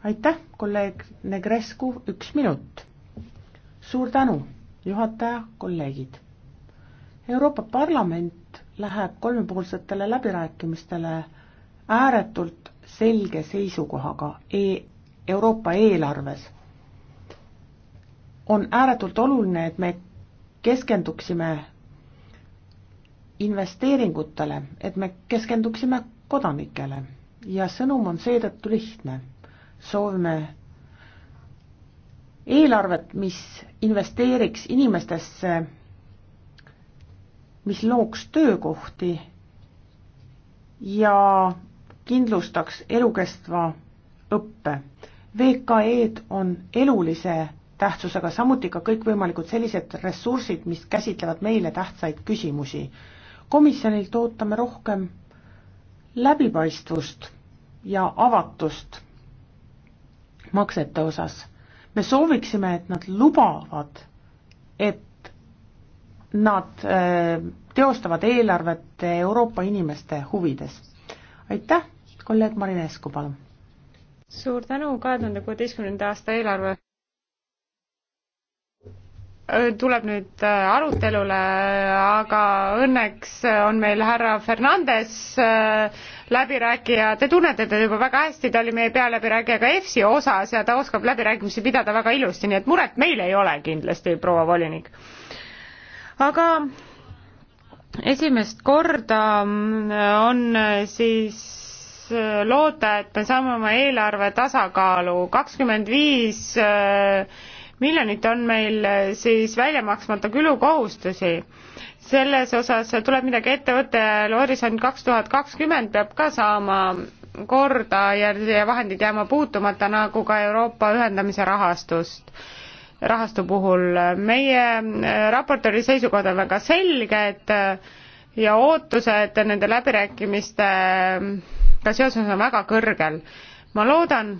S3: aitäh, kolleeg Negrescu, üks minut. suur tänu, juhataja, kolleegid. Euroopa Parlament läheb kolmepoolsetele läbirääkimistele ääretult selge seisukohaga e Euroopa eelarves on ääretult oluline, et me keskenduksime investeeringutele, et me keskenduksime kodanikele ja sõnum on seetõttu lihtne. soovime eelarvet, mis investeeriks inimestesse, mis looks töökohti ja kindlustaks elukestva õppe. VKE-d on elulise tähtsusega, samuti ka kõikvõimalikud sellised ressursid, mis käsitlevad meile tähtsaid küsimusi. komisjonilt ootame rohkem läbipaistvust ja avatust maksete osas. me sooviksime, et nad lubavad, et nad äh, teostavad eelarvet Euroopa inimeste huvides. aitäh, kolleeg Marinescu, palun!
S5: suur tänu, kahe tuhande kuueteistkümnenda aasta eelarve tuleb nüüd äh, arutelule, aga õnneks on meil härra Fernandes äh, läbirääkija, te tunnete teda juba väga hästi, ta oli meie pealäbirääkija ka EFSi osas ja ta oskab läbirääkimisi pidada väga ilusti, nii et muret meil ei ole kindlasti, proua volinik. aga esimest korda mm, on äh, siis loota, et me saame oma eelarve tasakaalu kakskümmend viis miljonit on meil eh, siis välja maksmata külukohustusi. selles osas tuleb midagi ette võtta ja Horisont kaks tuhat kakskümmend peab ka saama korda ja vahendid jääma puutumata, nagu ka Euroopa ühendamise rahastust rahastu puhul. meie eh, raportööri seisukohad on väga selged eh, ja ootused nende läbirääkimistega seoses on väga kõrgel. ma loodan,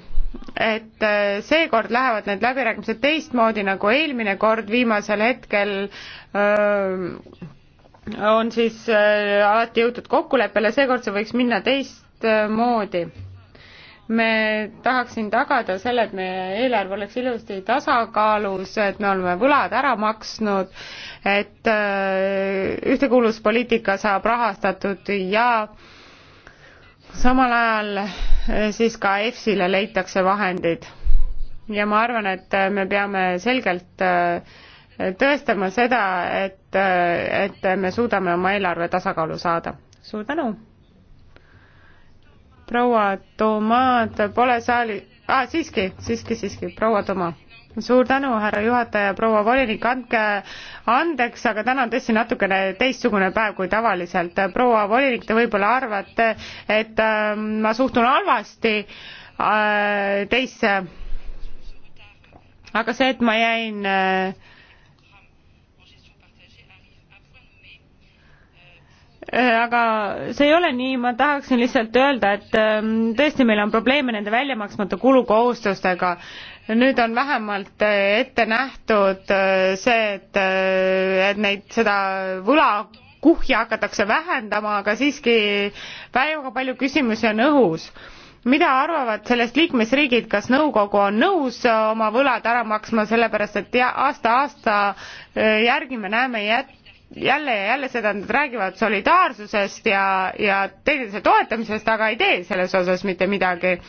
S5: et äh, seekord lähevad need läbirääkimised teistmoodi nagu eelmine kord viimasel hetkel öö, äh, on siis öö, äh, alati jõutud kokkuleppele, seekord see võiks minna teistmoodi. me tahaksin tagada selle, et meie eelarve oleks ilusti tasakaalus, et me oleme võlad ära maksnud, et öö, ühtekuuluvuspoliitika saab rahastatud ja öö, samal ajal eh, siis ka EFSile leitakse vahendid ja ma arvan, et eh, me peame selgelt eh, tõestama seda, et, et me suudame oma eelarve tasakaalu saada. suur tänu! proua Tomaa, ta pole saali, aa ah, siiski, siiski, siiski, proua Tomaa suur tänu, härra juhataja, proua volinik, andke andeks, aga täna on tõesti natukene teistsugune päev kui tavaliselt. proua volinik, te võib-olla arvate, et äh, ma suhtun halvasti äh, teisse, aga see, et ma jäin äh, äh aga see ei ole nii, ma tahaksin lihtsalt öelda, et ähm, tõesti, meil on probleeme nende väljamaksmata kulukohustustega nüüd on vähemalt eh, ette nähtud eh, see, et, eh, et neid, seda võlakuhja hakatakse vähendama, aga siiski väga palju küsimusi on õhus. mida arvavad sellest liikmesriigid, kas nõukogu on nõus oma võlad ära maksma, sellepärast et aasta-aasta järgi me näeme jät-, jälle ja jälle seda, et nad räägivad solidaarsusest ja, ja teineteise toetamisest, aga ei tee selles osas mitte midagi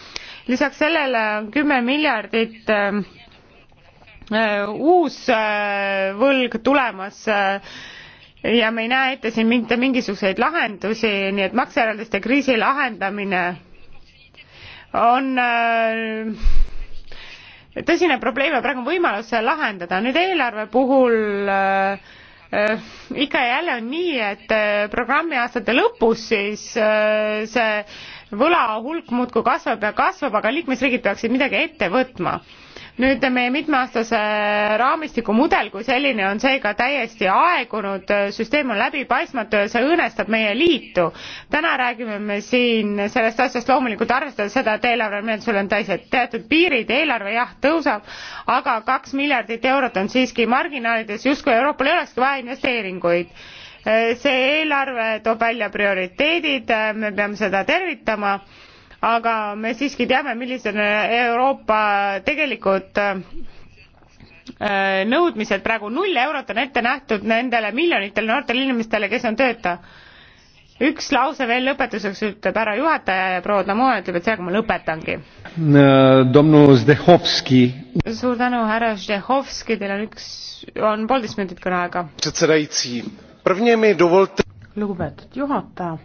S5: lisaks sellele on kümme miljardit äh, äh, uus äh, võlg tulemas ja me ei näe ette siin mitte mingisuguseid lahendusi, nii et makseeraldiste kriisi lahendamine on tõsine probleem ja praegu on võimalus see lahendada. nüüd eelarve puhul ikka ja jälle on nii, et programmi aastate lõpus siis see võla hulk muudkui kasvab ja kasvab, aga liikmesriigid peaksid midagi ette võtma. nüüd meie mitmeaastase raamistiku mudel kui selline on seega täiesti aegunud, süsteem on läbipaistmatu ja see õõnestab meie liitu. täna räägime me siin sellest asjast loomulikult arvestades seda, et eelarvemenetlusel on teised teatud piirid, eelarve jah, tõusab, aga kaks miljardit eurot on siiski marginaalides, justkui Euroopal ei olekski vaja investeeringuid Eh, see eelarve toob välja prioriteedid, eh, me peame seda tervitama, aga me siiski teame, millised on Euroopa tegelikud eh, nõudmised praegu, null eurot on ette nähtud nendele miljonitele noortele inimestele, kes on tööta. üks lause veel lõpetuseks ütleb härra juhataja ja proua Damo ütleb, et sellega ma lõpetangi. Äh, suur tänu, härra Ždehovski, teil on üks, on poolteist minutit kõneaega
S3: lugupeetud juhataja,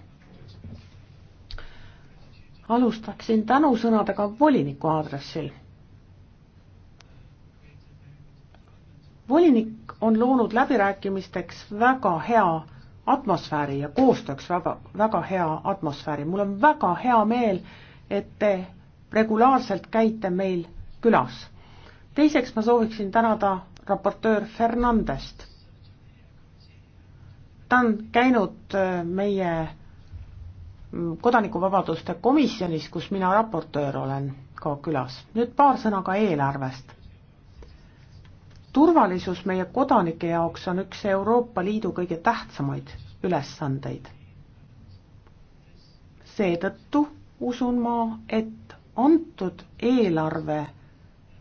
S3: alustaksin tänusõnadega voliniku aadressil. volinik on loonud läbirääkimisteks väga hea atmosfääri ja koostööks väga, väga hea atmosfääri. mul on väga hea meel, et te regulaarselt käite meil külas. teiseks ma sooviksin tänada raportöör Fernandest ta on käinud äh, meie mm, kodanikuvabaduste komisjonis, kus mina raportöör olen ka külas. nüüd paar sõna ka eelarvest. turvalisus meie kodanike jaoks on üks Euroopa Liidu kõige tähtsamaid ülesandeid. seetõttu usun ma, et antud eelarve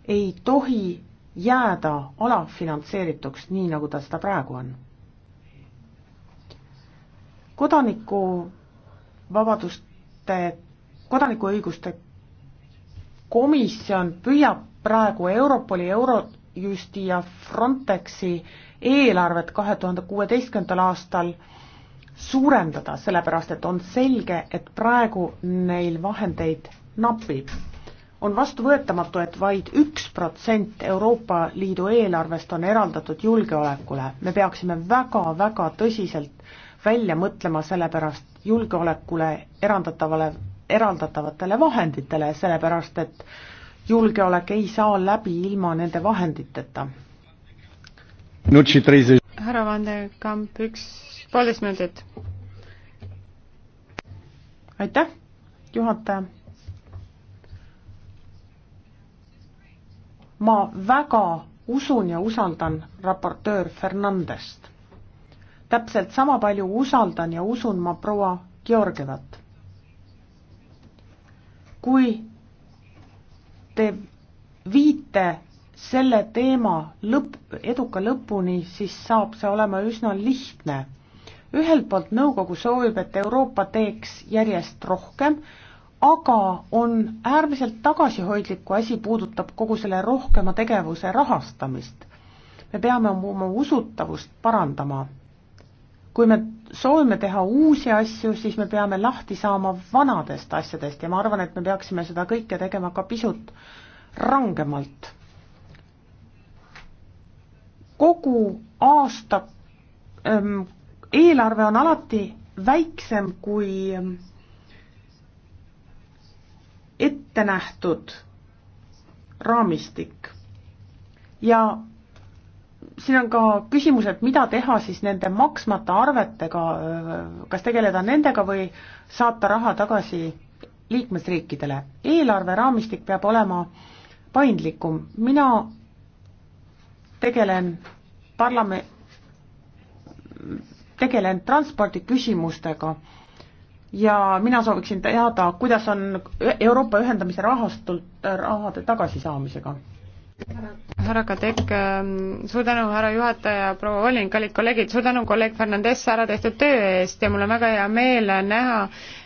S3: ei tohi jääda alafinantseerituks, nii nagu ta seda praegu on kodanikuvabaduste, kodanikuõiguste komisjon püüab praegu Europoli, Eurojusti ja Frontexi eelarvet kahe tuhande kuueteistkümnendal aastal suurendada, sellepärast et on selge, et praegu neil vahendeid napib. on vastuvõetamatu, et vaid üks protsent Euroopa Liidu eelarvest on eraldatud julgeolekule. me peaksime väga-väga tõsiselt välja mõtlema sellepärast julgeolekule erandatavale, eraldatavatele vahenditele, sellepärast et julgeolek ei saa läbi ilma nende vahenditeta. härra Vandekamp, üks, poolteist minutit. aitäh, juhataja. ma väga usun ja usaldan raportöör Fernandest täpselt sama palju usaldan ja usun ma proua Georgievat. kui te viite selle teema lõpp, eduka lõpuni, siis saab see olema üsna lihtne. ühelt poolt nõukogu soovib, et Euroopa teeks järjest rohkem, aga on äärmiselt tagasihoidlik, kui asi puudutab kogu selle rohkema tegevuse rahastamist. me peame oma usutavust parandama kui me soovime teha uusi asju, siis me peame lahti saama vanadest asjadest ja ma arvan, et me peaksime seda kõike tegema ka pisut rangemalt. kogu aasta ähm, eelarve on alati väiksem kui ähm, ette nähtud raamistik ja siin on ka küsimus, et mida teha siis nende maksmata arvetega, kas tegeleda nendega või saata raha tagasi liikmesriikidele. eelarveraamistik peab olema paindlikum, mina tegelen parlame-, tegelen transpordiküsimustega ja mina sooviksin teada, kuidas on Euroopa ühendamise rahastult rahade tagasisaamisega härra Kadek,
S5: ähm, suur tänu, härra juhataja, proua Volling, kallid kolleegid, suur tänu kolleeg Fernandes ära tehtud töö eest ja mul on väga hea meel näha,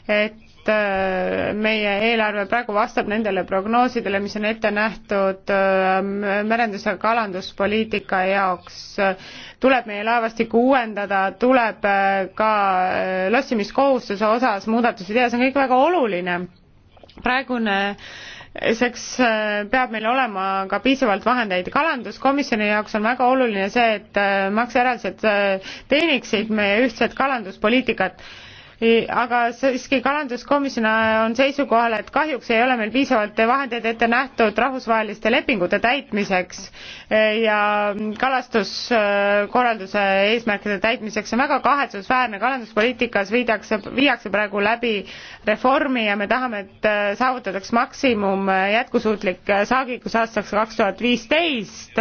S5: et äh, meie eelarve praegu vastab nendele prognoosidele, mis on ette nähtud ähm, merendus- ja kalanduspoliitika jaoks. tuleb meie laevastikku uuendada, tuleb äh, ka äh, lossimiskohustuse osas muudatusi teha, see on kõik väga oluline. praegune äh, selleks äh, peab meil olema ka piisavalt vahendeid. kalanduskomisjoni jaoks on väga oluline see, et äh, makseeraldised äh, teeniksid meie ühtset kalanduspoliitikat aga siiski kalanduskomisjon on seisukohal, et kahjuks ei ole meil piisavalt vahendeid ette nähtud rahvusvaheliste lepingute täitmiseks ja kalastuskorralduse eesmärkide täitmiseks. see on väga kahetsusväärne, kalanduspoliitikas viidakse, viiakse praegu läbi reformi ja me tahame, et äh, saavutataks maksimum jätkusuutlik saagikus aastaks kaks tuhat viisteist.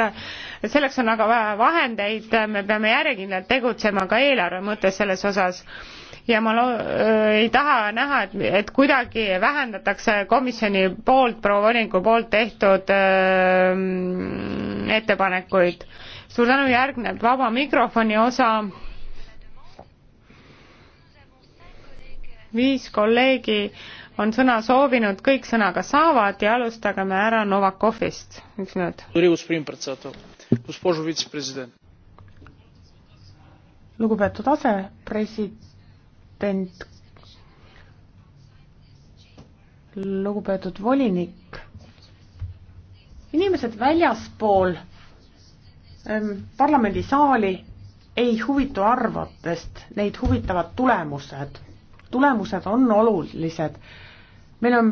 S5: selleks on aga vaja vahendeid, me peame järjekindlalt tegutsema ka eelarve mõttes selles osas ja ma lo-, äh, ei taha näha, et, et kuidagi vähendatakse komisjoni poolt, proua voliniku poolt tehtud öö, äh, ettepanekuid. suur tänu, järgneb vaba mikrofoni osa. viis kolleegi on sõna soovinud, kõik sõna ka saavad ja alustageme härra Novakovist, üks minut.
S3: lugupeetud asepresident president, lugupeetud volinik, inimesed väljaspool ähm, parlamendisaali ei huvitu arvatest, neid huvitavad tulemused. tulemused on olulised. meil on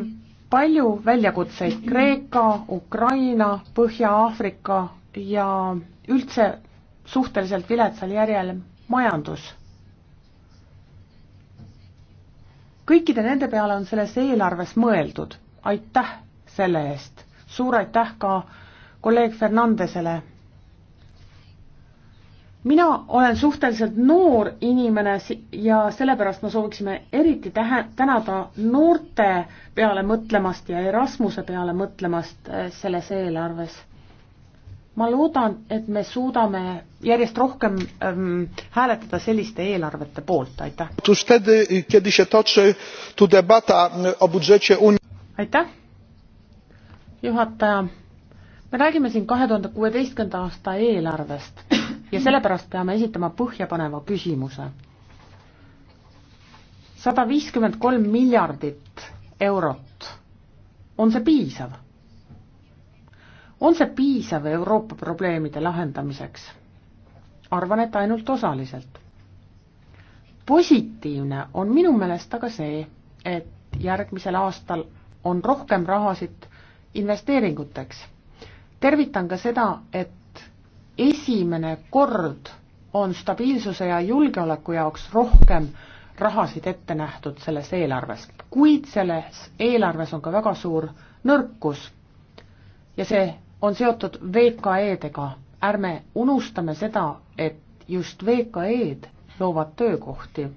S3: palju väljakutseid Kreeka, Ukraina, Põhja-Aafrika ja üldse suhteliselt viletsal järjel majandus kõikide nende peale on selles eelarves mõeldud, aitäh selle eest, suur aitäh ka kolleeg Fernandesele. mina olen suhteliselt noor inimene ja sellepärast me sooviksime eriti tähe-, tänada noorte peale mõtlemast ja Erasmuse peale mõtlemast äh, selles eelarves ma loodan, et me suudame järjest rohkem ähm, hääletada selliste eelarvete poolt, aitäh. aitäh, juhataja. me räägime siin kahe tuhande kuueteistkümnenda aasta eelarvest ja sellepärast peame esitama põhjapaneva küsimuse. sada viiskümmend kolm miljardit eurot, on see piisav? on see piisav Euroopa probleemide lahendamiseks? arvan, et ainult osaliselt. positiivne on minu meelest aga see, et järgmisel aastal on rohkem rahasid investeeringuteks. tervitan ka seda, et esimene kord on stabiilsuse ja julgeoleku jaoks rohkem rahasid ette nähtud selles eelarves, kuid selles eelarves on ka väga suur nõrkus ja see on seotud VKE-dega, ärme unustame seda, et just VKE-d loovad töökohti.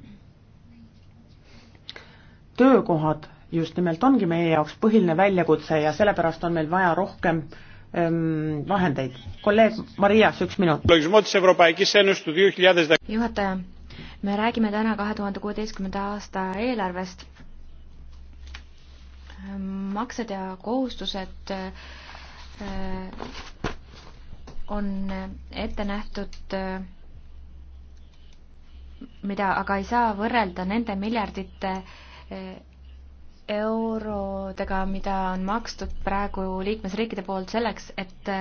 S3: töökohad just nimelt ongi meie jaoks põhiline väljakutse ja sellepärast on meil vaja rohkem ähm, vahendeid. kolleeg Marias, üks minut.
S4: juhataja, me räägime täna kahe tuhande kuueteistkümnenda aasta eelarvest. maksed ja kohustused äh, Äh, on ette nähtud, äh, mida aga ei saa võrrelda nende miljardite äh, eurodega, mida on makstud praegu liikmesriikide poolt selleks, et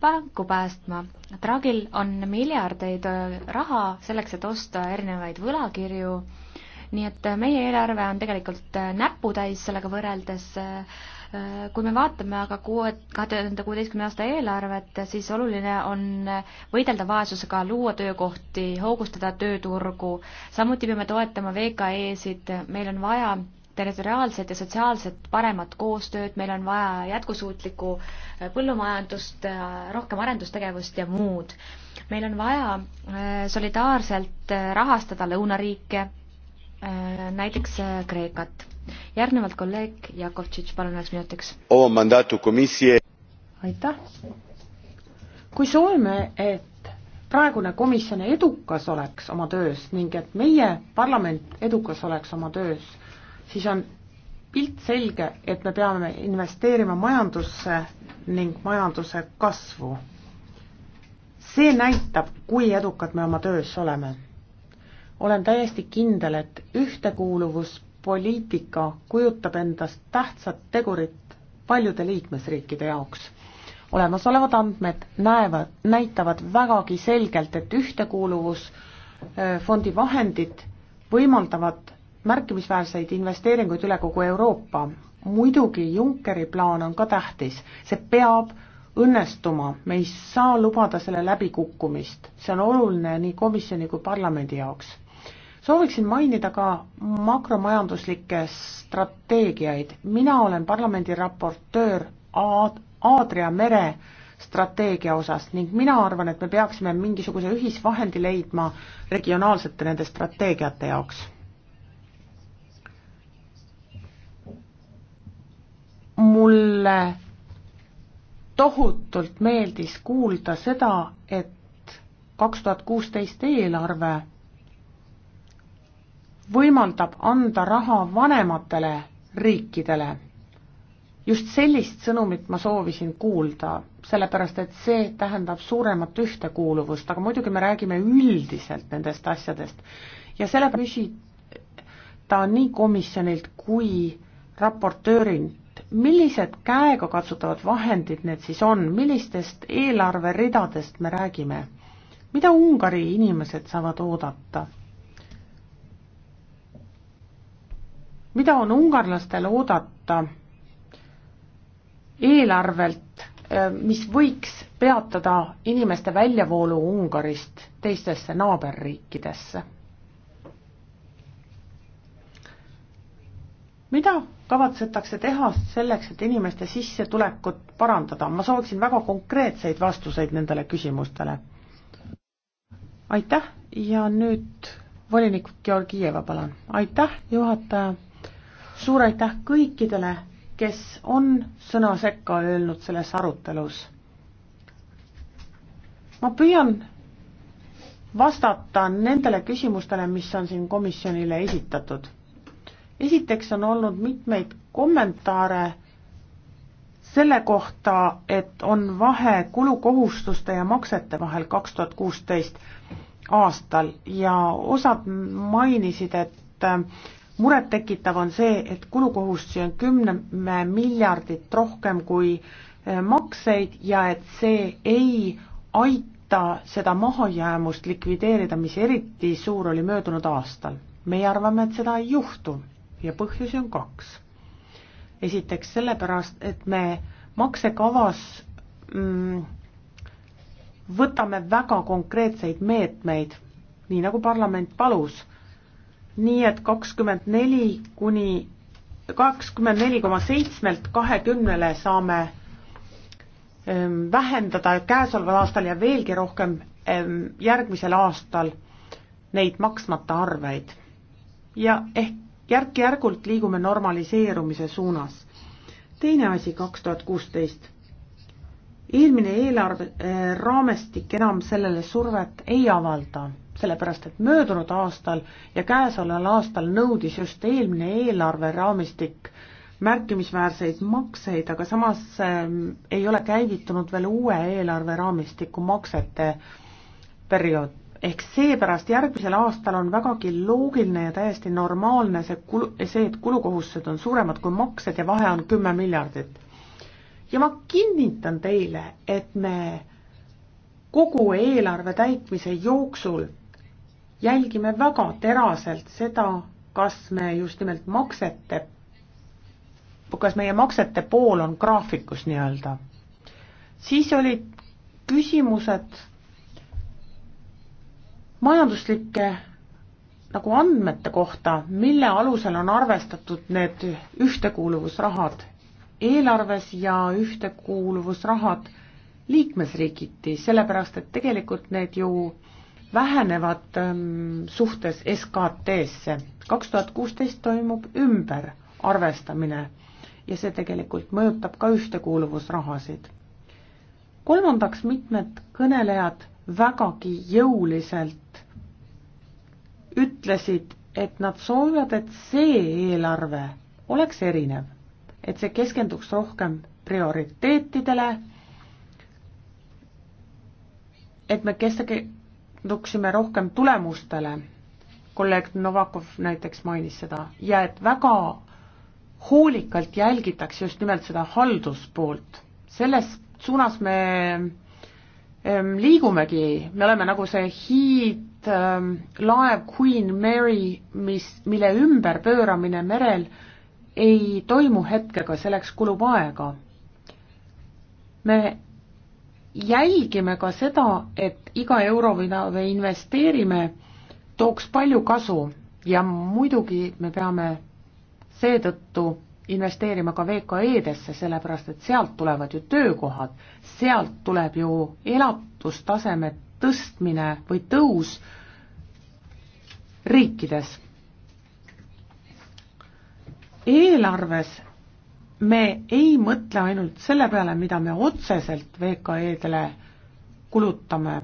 S4: panku päästma. Dragil on miljardeid raha selleks, et osta erinevaid võlakirju, nii et meie eelarve on tegelikult näputäis sellega võrreldes äh, kui me vaatame aga kuue, kahe tuhande kuueteistkümne aasta eelarvet, siis oluline on võidelda vaesusega, luua töökohti, hoogustada tööturgu, samuti peame toetama VKE-sid, meil on vaja territoriaalset ja sotsiaalset paremat koostööd, meil on vaja jätkusuutlikku põllumajandust, rohkem arendustegevust ja muud. meil on vaja äh, solidaarselt äh, rahastada lõunariike, äh, näiteks Kreekat järgnevalt kolleeg Jakovtšitš, palun üheks minutiks.
S2: oma mandaatu komisjoni.
S4: aitäh.
S3: kui soovime, et praegune komisjon edukas oleks oma töös ning et meie parlament edukas oleks oma töös, siis on pilt selge, et me peame investeerima majandusse ning majanduse kasvu. see näitab, kui edukad me oma töös oleme. olen täiesti kindel, et ühtekuuluvus poliitika kujutab endast tähtsat tegurit paljude liikmesriikide jaoks. olemasolevad andmed näevad, näitavad vägagi selgelt, et ühtekuuluvusfondi vahendid võimaldavad märkimisväärseid investeeringuid üle kogu Euroopa. muidugi Junckeri plaan on ka tähtis, see peab õnnestuma, me ei saa lubada selle läbikukkumist, see on oluline nii komisjoni kui parlamendi jaoks sooviksin mainida ka makromajanduslikke strateegiaid. mina olen parlamendi raportöör Aad-, Aadria mere strateegia osas ning mina arvan, et me peaksime mingisuguse ühisvahendi leidma regionaalsete nende strateegiate jaoks. mulle tohutult meeldis kuulda seda, et kaks tuhat kuusteist eelarve võimaldab anda raha vanematele riikidele. just sellist sõnumit ma soovisin kuulda, sellepärast et see tähendab suuremat ühtekuuluvust, aga muidugi me räägime üldiselt nendest asjadest ja selle küsida nii komisjonilt kui raportöörilt, millised käegakatsutavad vahendid need siis on, millistest eelarveridadest me räägime? mida Ungari inimesed saavad oodata? mida on ungarlastel oodata eelarvelt, eh, mis võiks peatada inimeste väljavoolu Ungarist teistesse naaberriikidesse? mida kavatsetakse teha selleks, et inimeste sissetulekut parandada, ma sooviksin väga konkreetseid vastuseid nendele küsimustele. aitäh ja nüüd volinik Georgieva, palun. aitäh, juhataja suur aitäh kõikidele, kes on sõna sekka öelnud selles arutelus. ma püüan vastata nendele küsimustele, mis on siin komisjonile esitatud. esiteks on olnud mitmeid kommentaare selle kohta, et on vahe kulukohustuste ja maksete vahel kaks tuhat kuusteist aastal ja osad mainisid, et murettekitav on see, et kulukohustusi on kümme miljardit rohkem kui eh, makseid ja et see ei aita seda mahajäämust likvideerida, mis eriti suur oli möödunud aastal. meie arvame, et seda ei juhtu ja põhjusi on kaks. esiteks sellepärast, et me maksekavas mm, võtame väga konkreetseid meetmeid, nii nagu parlament palus nii et kakskümmend neli kuni, kakskümmend neli koma seitsmelt kahekümnele saame ähm, vähendada käesoleval aastal ja veelgi rohkem ähm, järgmisel aastal neid maksmata arveid. ja ehk järk-järgult liigume normaliseerumise suunas. teine asi, kaks tuhat kuusteist. eelmine eelarve äh, raamestik enam sellele survet ei avalda sellepärast et möödunud aastal ja käesoleval aastal nõudis just eelmine eelarveraamistik märkimisväärseid makseid, aga samas äh, ei ole käivitunud veel uue eelarveraamistiku maksete periood. ehk seepärast järgmisel aastal on vägagi loogiline ja täiesti normaalne see kulu, see, et kulukohustused on suuremad kui maksed ja vahe on kümme miljardit. ja ma kinnitan teile, et me kogu eelarve täitmise jooksul jälgime väga teraselt seda, kas me just nimelt maksete, kas meie maksete pool on graafikus nii-öelda. siis olid küsimused majanduslike nagu andmete kohta, mille alusel on arvestatud need ühtekuuluvusrahad eelarves ja ühtekuuluvusrahad liikmesriigiti, sellepärast et tegelikult need ju vähenevad ähm, suhtes SKT-sse. kaks tuhat kuusteist toimub ümberarvestamine ja see tegelikult mõjutab ka ühtekuuluvusrahasid. kolmandaks, mitmed kõnelejad vägagi jõuliselt ütlesid, et nad soovivad, et see eelarve oleks erinev, et see keskenduks rohkem prioriteetidele, et me keskegi keskenduksime rohkem tulemustele, kolleeg Novakov näiteks mainis seda, ja et väga hoolikalt jälgitakse just nimelt seda halduspoolt. selles suunas me liigumegi, me oleme nagu see hiidlaev Queen Mary, mis, mille ümberpööramine merel ei toimu hetkega, selleks kulub aega. me jälgime ka seda, et iga euro, mida me investeerime, tooks palju kasu ja muidugi me peame seetõttu investeerima ka VKE-desse, sellepärast et sealt tulevad ju töökohad, sealt tuleb ju elatustaseme tõstmine või tõus riikides. eelarves me ei mõtle ainult selle peale, mida me otseselt VKE-dele kulutame,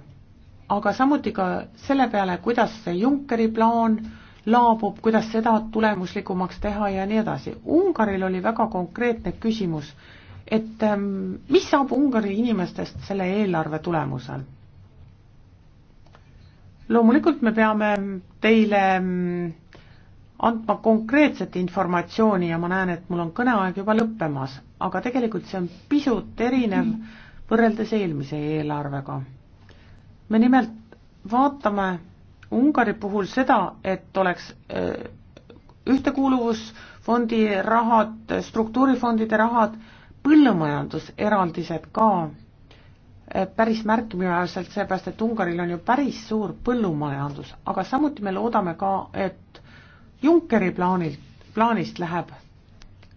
S3: aga samuti ka selle peale, kuidas see Junckeri plaan laabub, kuidas seda tulemuslikumaks teha ja nii edasi. Ungaril oli väga konkreetne küsimus, et ähm, mis saab Ungari inimestest selle eelarve tulemusel? loomulikult me peame teile ähm, andma konkreetset informatsiooni ja ma näen, et mul on kõneaeg juba lõppemas, aga tegelikult see on pisut erinev võrreldes eelmise eelarvega. me nimelt vaatame Ungari puhul seda, et oleks äh, ühtekuuluvusfondi rahad, struktuurifondide rahad, põllumajanduseraldised ka äh, päris märkimisväärselt, seepärast et Ungaril on ju päris suur põllumajandus, aga samuti me loodame ka, et Junckeri plaanilt, plaanist läheb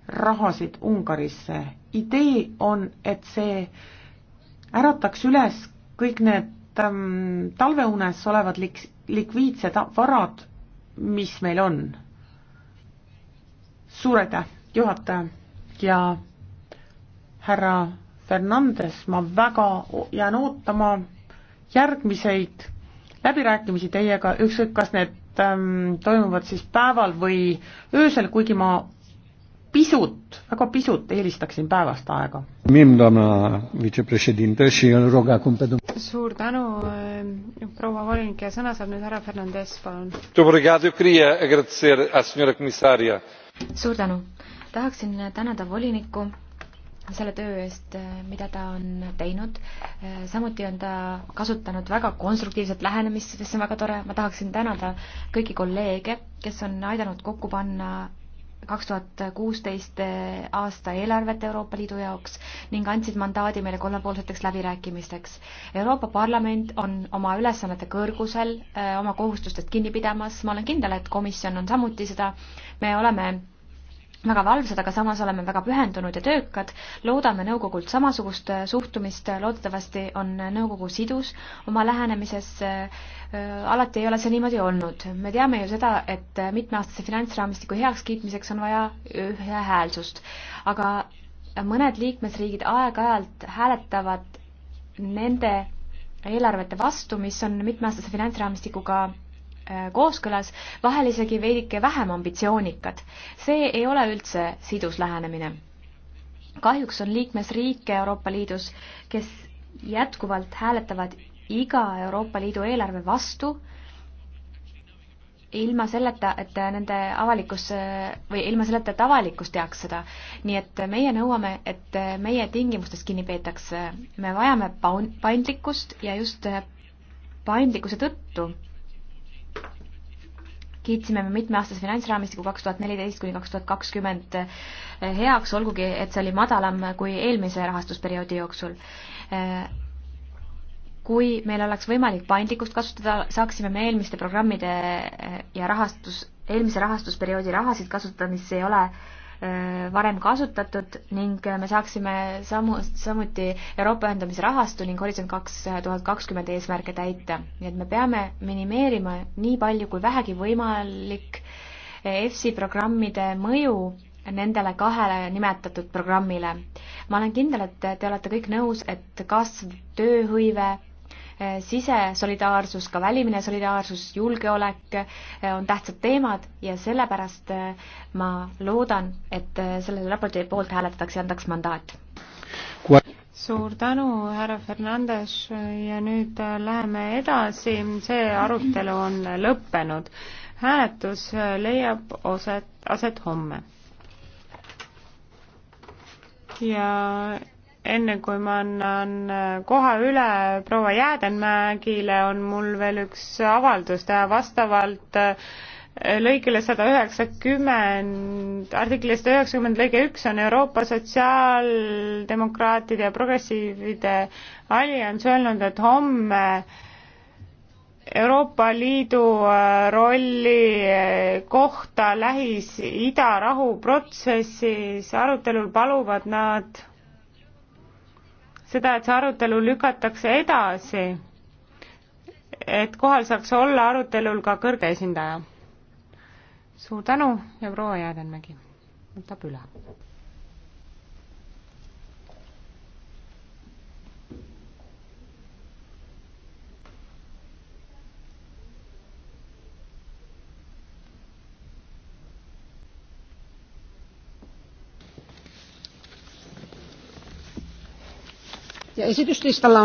S3: rahasid Ungarisse. idee on, et see ärataks üles kõik need ähm, talveunes olevad lik-, likviidsed varad, mis meil on. suur aitäh, juhataja ja härra Fernandes, ma väga jään ootama järgmiseid läbirääkimisi teiega, ükskõik kas need Ähm, toimuvad siis päeval või öösel, kuigi ma pisut, väga pisut eelistaksin päevast aega.
S5: suur tänu, ähm, proua volinik ja sõna saab nüüd härra Fernandes, palun.
S4: suur tänu, tahaksin tänada volinikku selle töö eest, äh, mida ta on teinud. Äh, samuti on ta kasutanud väga konstruktiivset lähenemist, mis on väga tore. ma tahaksin tänada kõiki kolleege, kes on aidanud kokku panna kaks tuhat kuusteist äh, aasta eelarvet Euroopa Liidu jaoks ning andsid mandaadi meile kolmepoolseteks läbirääkimisteks. Euroopa Parlament on oma ülesannete kõrgusel oma kohustustest kinni pidamas, ma olen kindel, et komisjon on samuti seda, me oleme väga valvsad, aga samas oleme väga pühendunud ja töökad, loodame nõukogult samasugust äh, suhtumist, loodetavasti on äh, nõukogu sidus oma lähenemises, äh, alati ei ole see niimoodi olnud. me teame ju seda, et mitmeaastase finantsraamistiku heakskiitmiseks on vaja ühehäälsust, aga mõned liikmesriigid aeg-ajalt hääletavad nende eelarvete vastu, mis on mitmeaastase finantsraamistikuga Äh, kooskõlas, vahel isegi veidike vähem ambitsioonikad. see ei ole üldse sidus lähenemine. kahjuks on liikmesriike Euroopa Liidus, kes jätkuvalt hääletavad iga Euroopa Liidu eelarve vastu, ilma selleta, et nende avalikkus või ilma selleta, et avalikkus teaks seda. nii et meie nõuame, et meie tingimustest kinni peetakse. me vajame paindlikkust ja just paindlikkuse tõttu kiitsime me mitmeaastase finantsraamistiku kaks tuhat neliteist kuni kaks tuhat kakskümmend eh, heaks, olgugi et see oli madalam kui eelmise rahastusperioodi jooksul eh, kui meil oleks võimalik paindlikkust kasutada, saaksime me eelmiste programmide eh, ja rahastus, eelmise rahastusperioodi rahasid kasutada, mis ei ole Äh, varem kasutatud ning äh, me saaksime samu, samuti Euroopa ühendamisrahastu ning Horisont kaks äh, tuhat kakskümmend eesmärke täita. nii et me peame minimeerima nii palju kui vähegi võimalik EFSI programmide mõju nendele kahele nimetatud programmile. ma olen kindel, et te olete kõik nõus, et kasv, tööhõive Eh, sisesolidaarsus, ka välimine solidaarsus, julgeolek eh, on tähtsad teemad ja sellepärast eh, ma loodan, et selle raporti poolt hääletatakse ja antaks mandaat. suur tänu, härra Fernandes ja
S5: nüüd läheme edasi, see arutelu on lõppenud. hääletus leiab oset, aset homme ja enne kui ma annan äh, koha üle proua Jäädenmägile, on mul veel üks avaldus teha vastavalt äh, lõikele sada üheksakümmend, artiklist sada üheksakümmend lõige üks on Euroopa Sotsiaaldemokraatide ja Progressiivide allianss öelnud, et homme Euroopa Liidu äh, rolli kohta Lähis-Ida rahuprotsessis arutelul paluvad nad seda, et see arutelu lükatakse edasi, et kohal saaks olla arutelul ka kõrge esindaja. suur tänu ja proua Jäädenmägi võtab üle.
S1: ja esityslistalla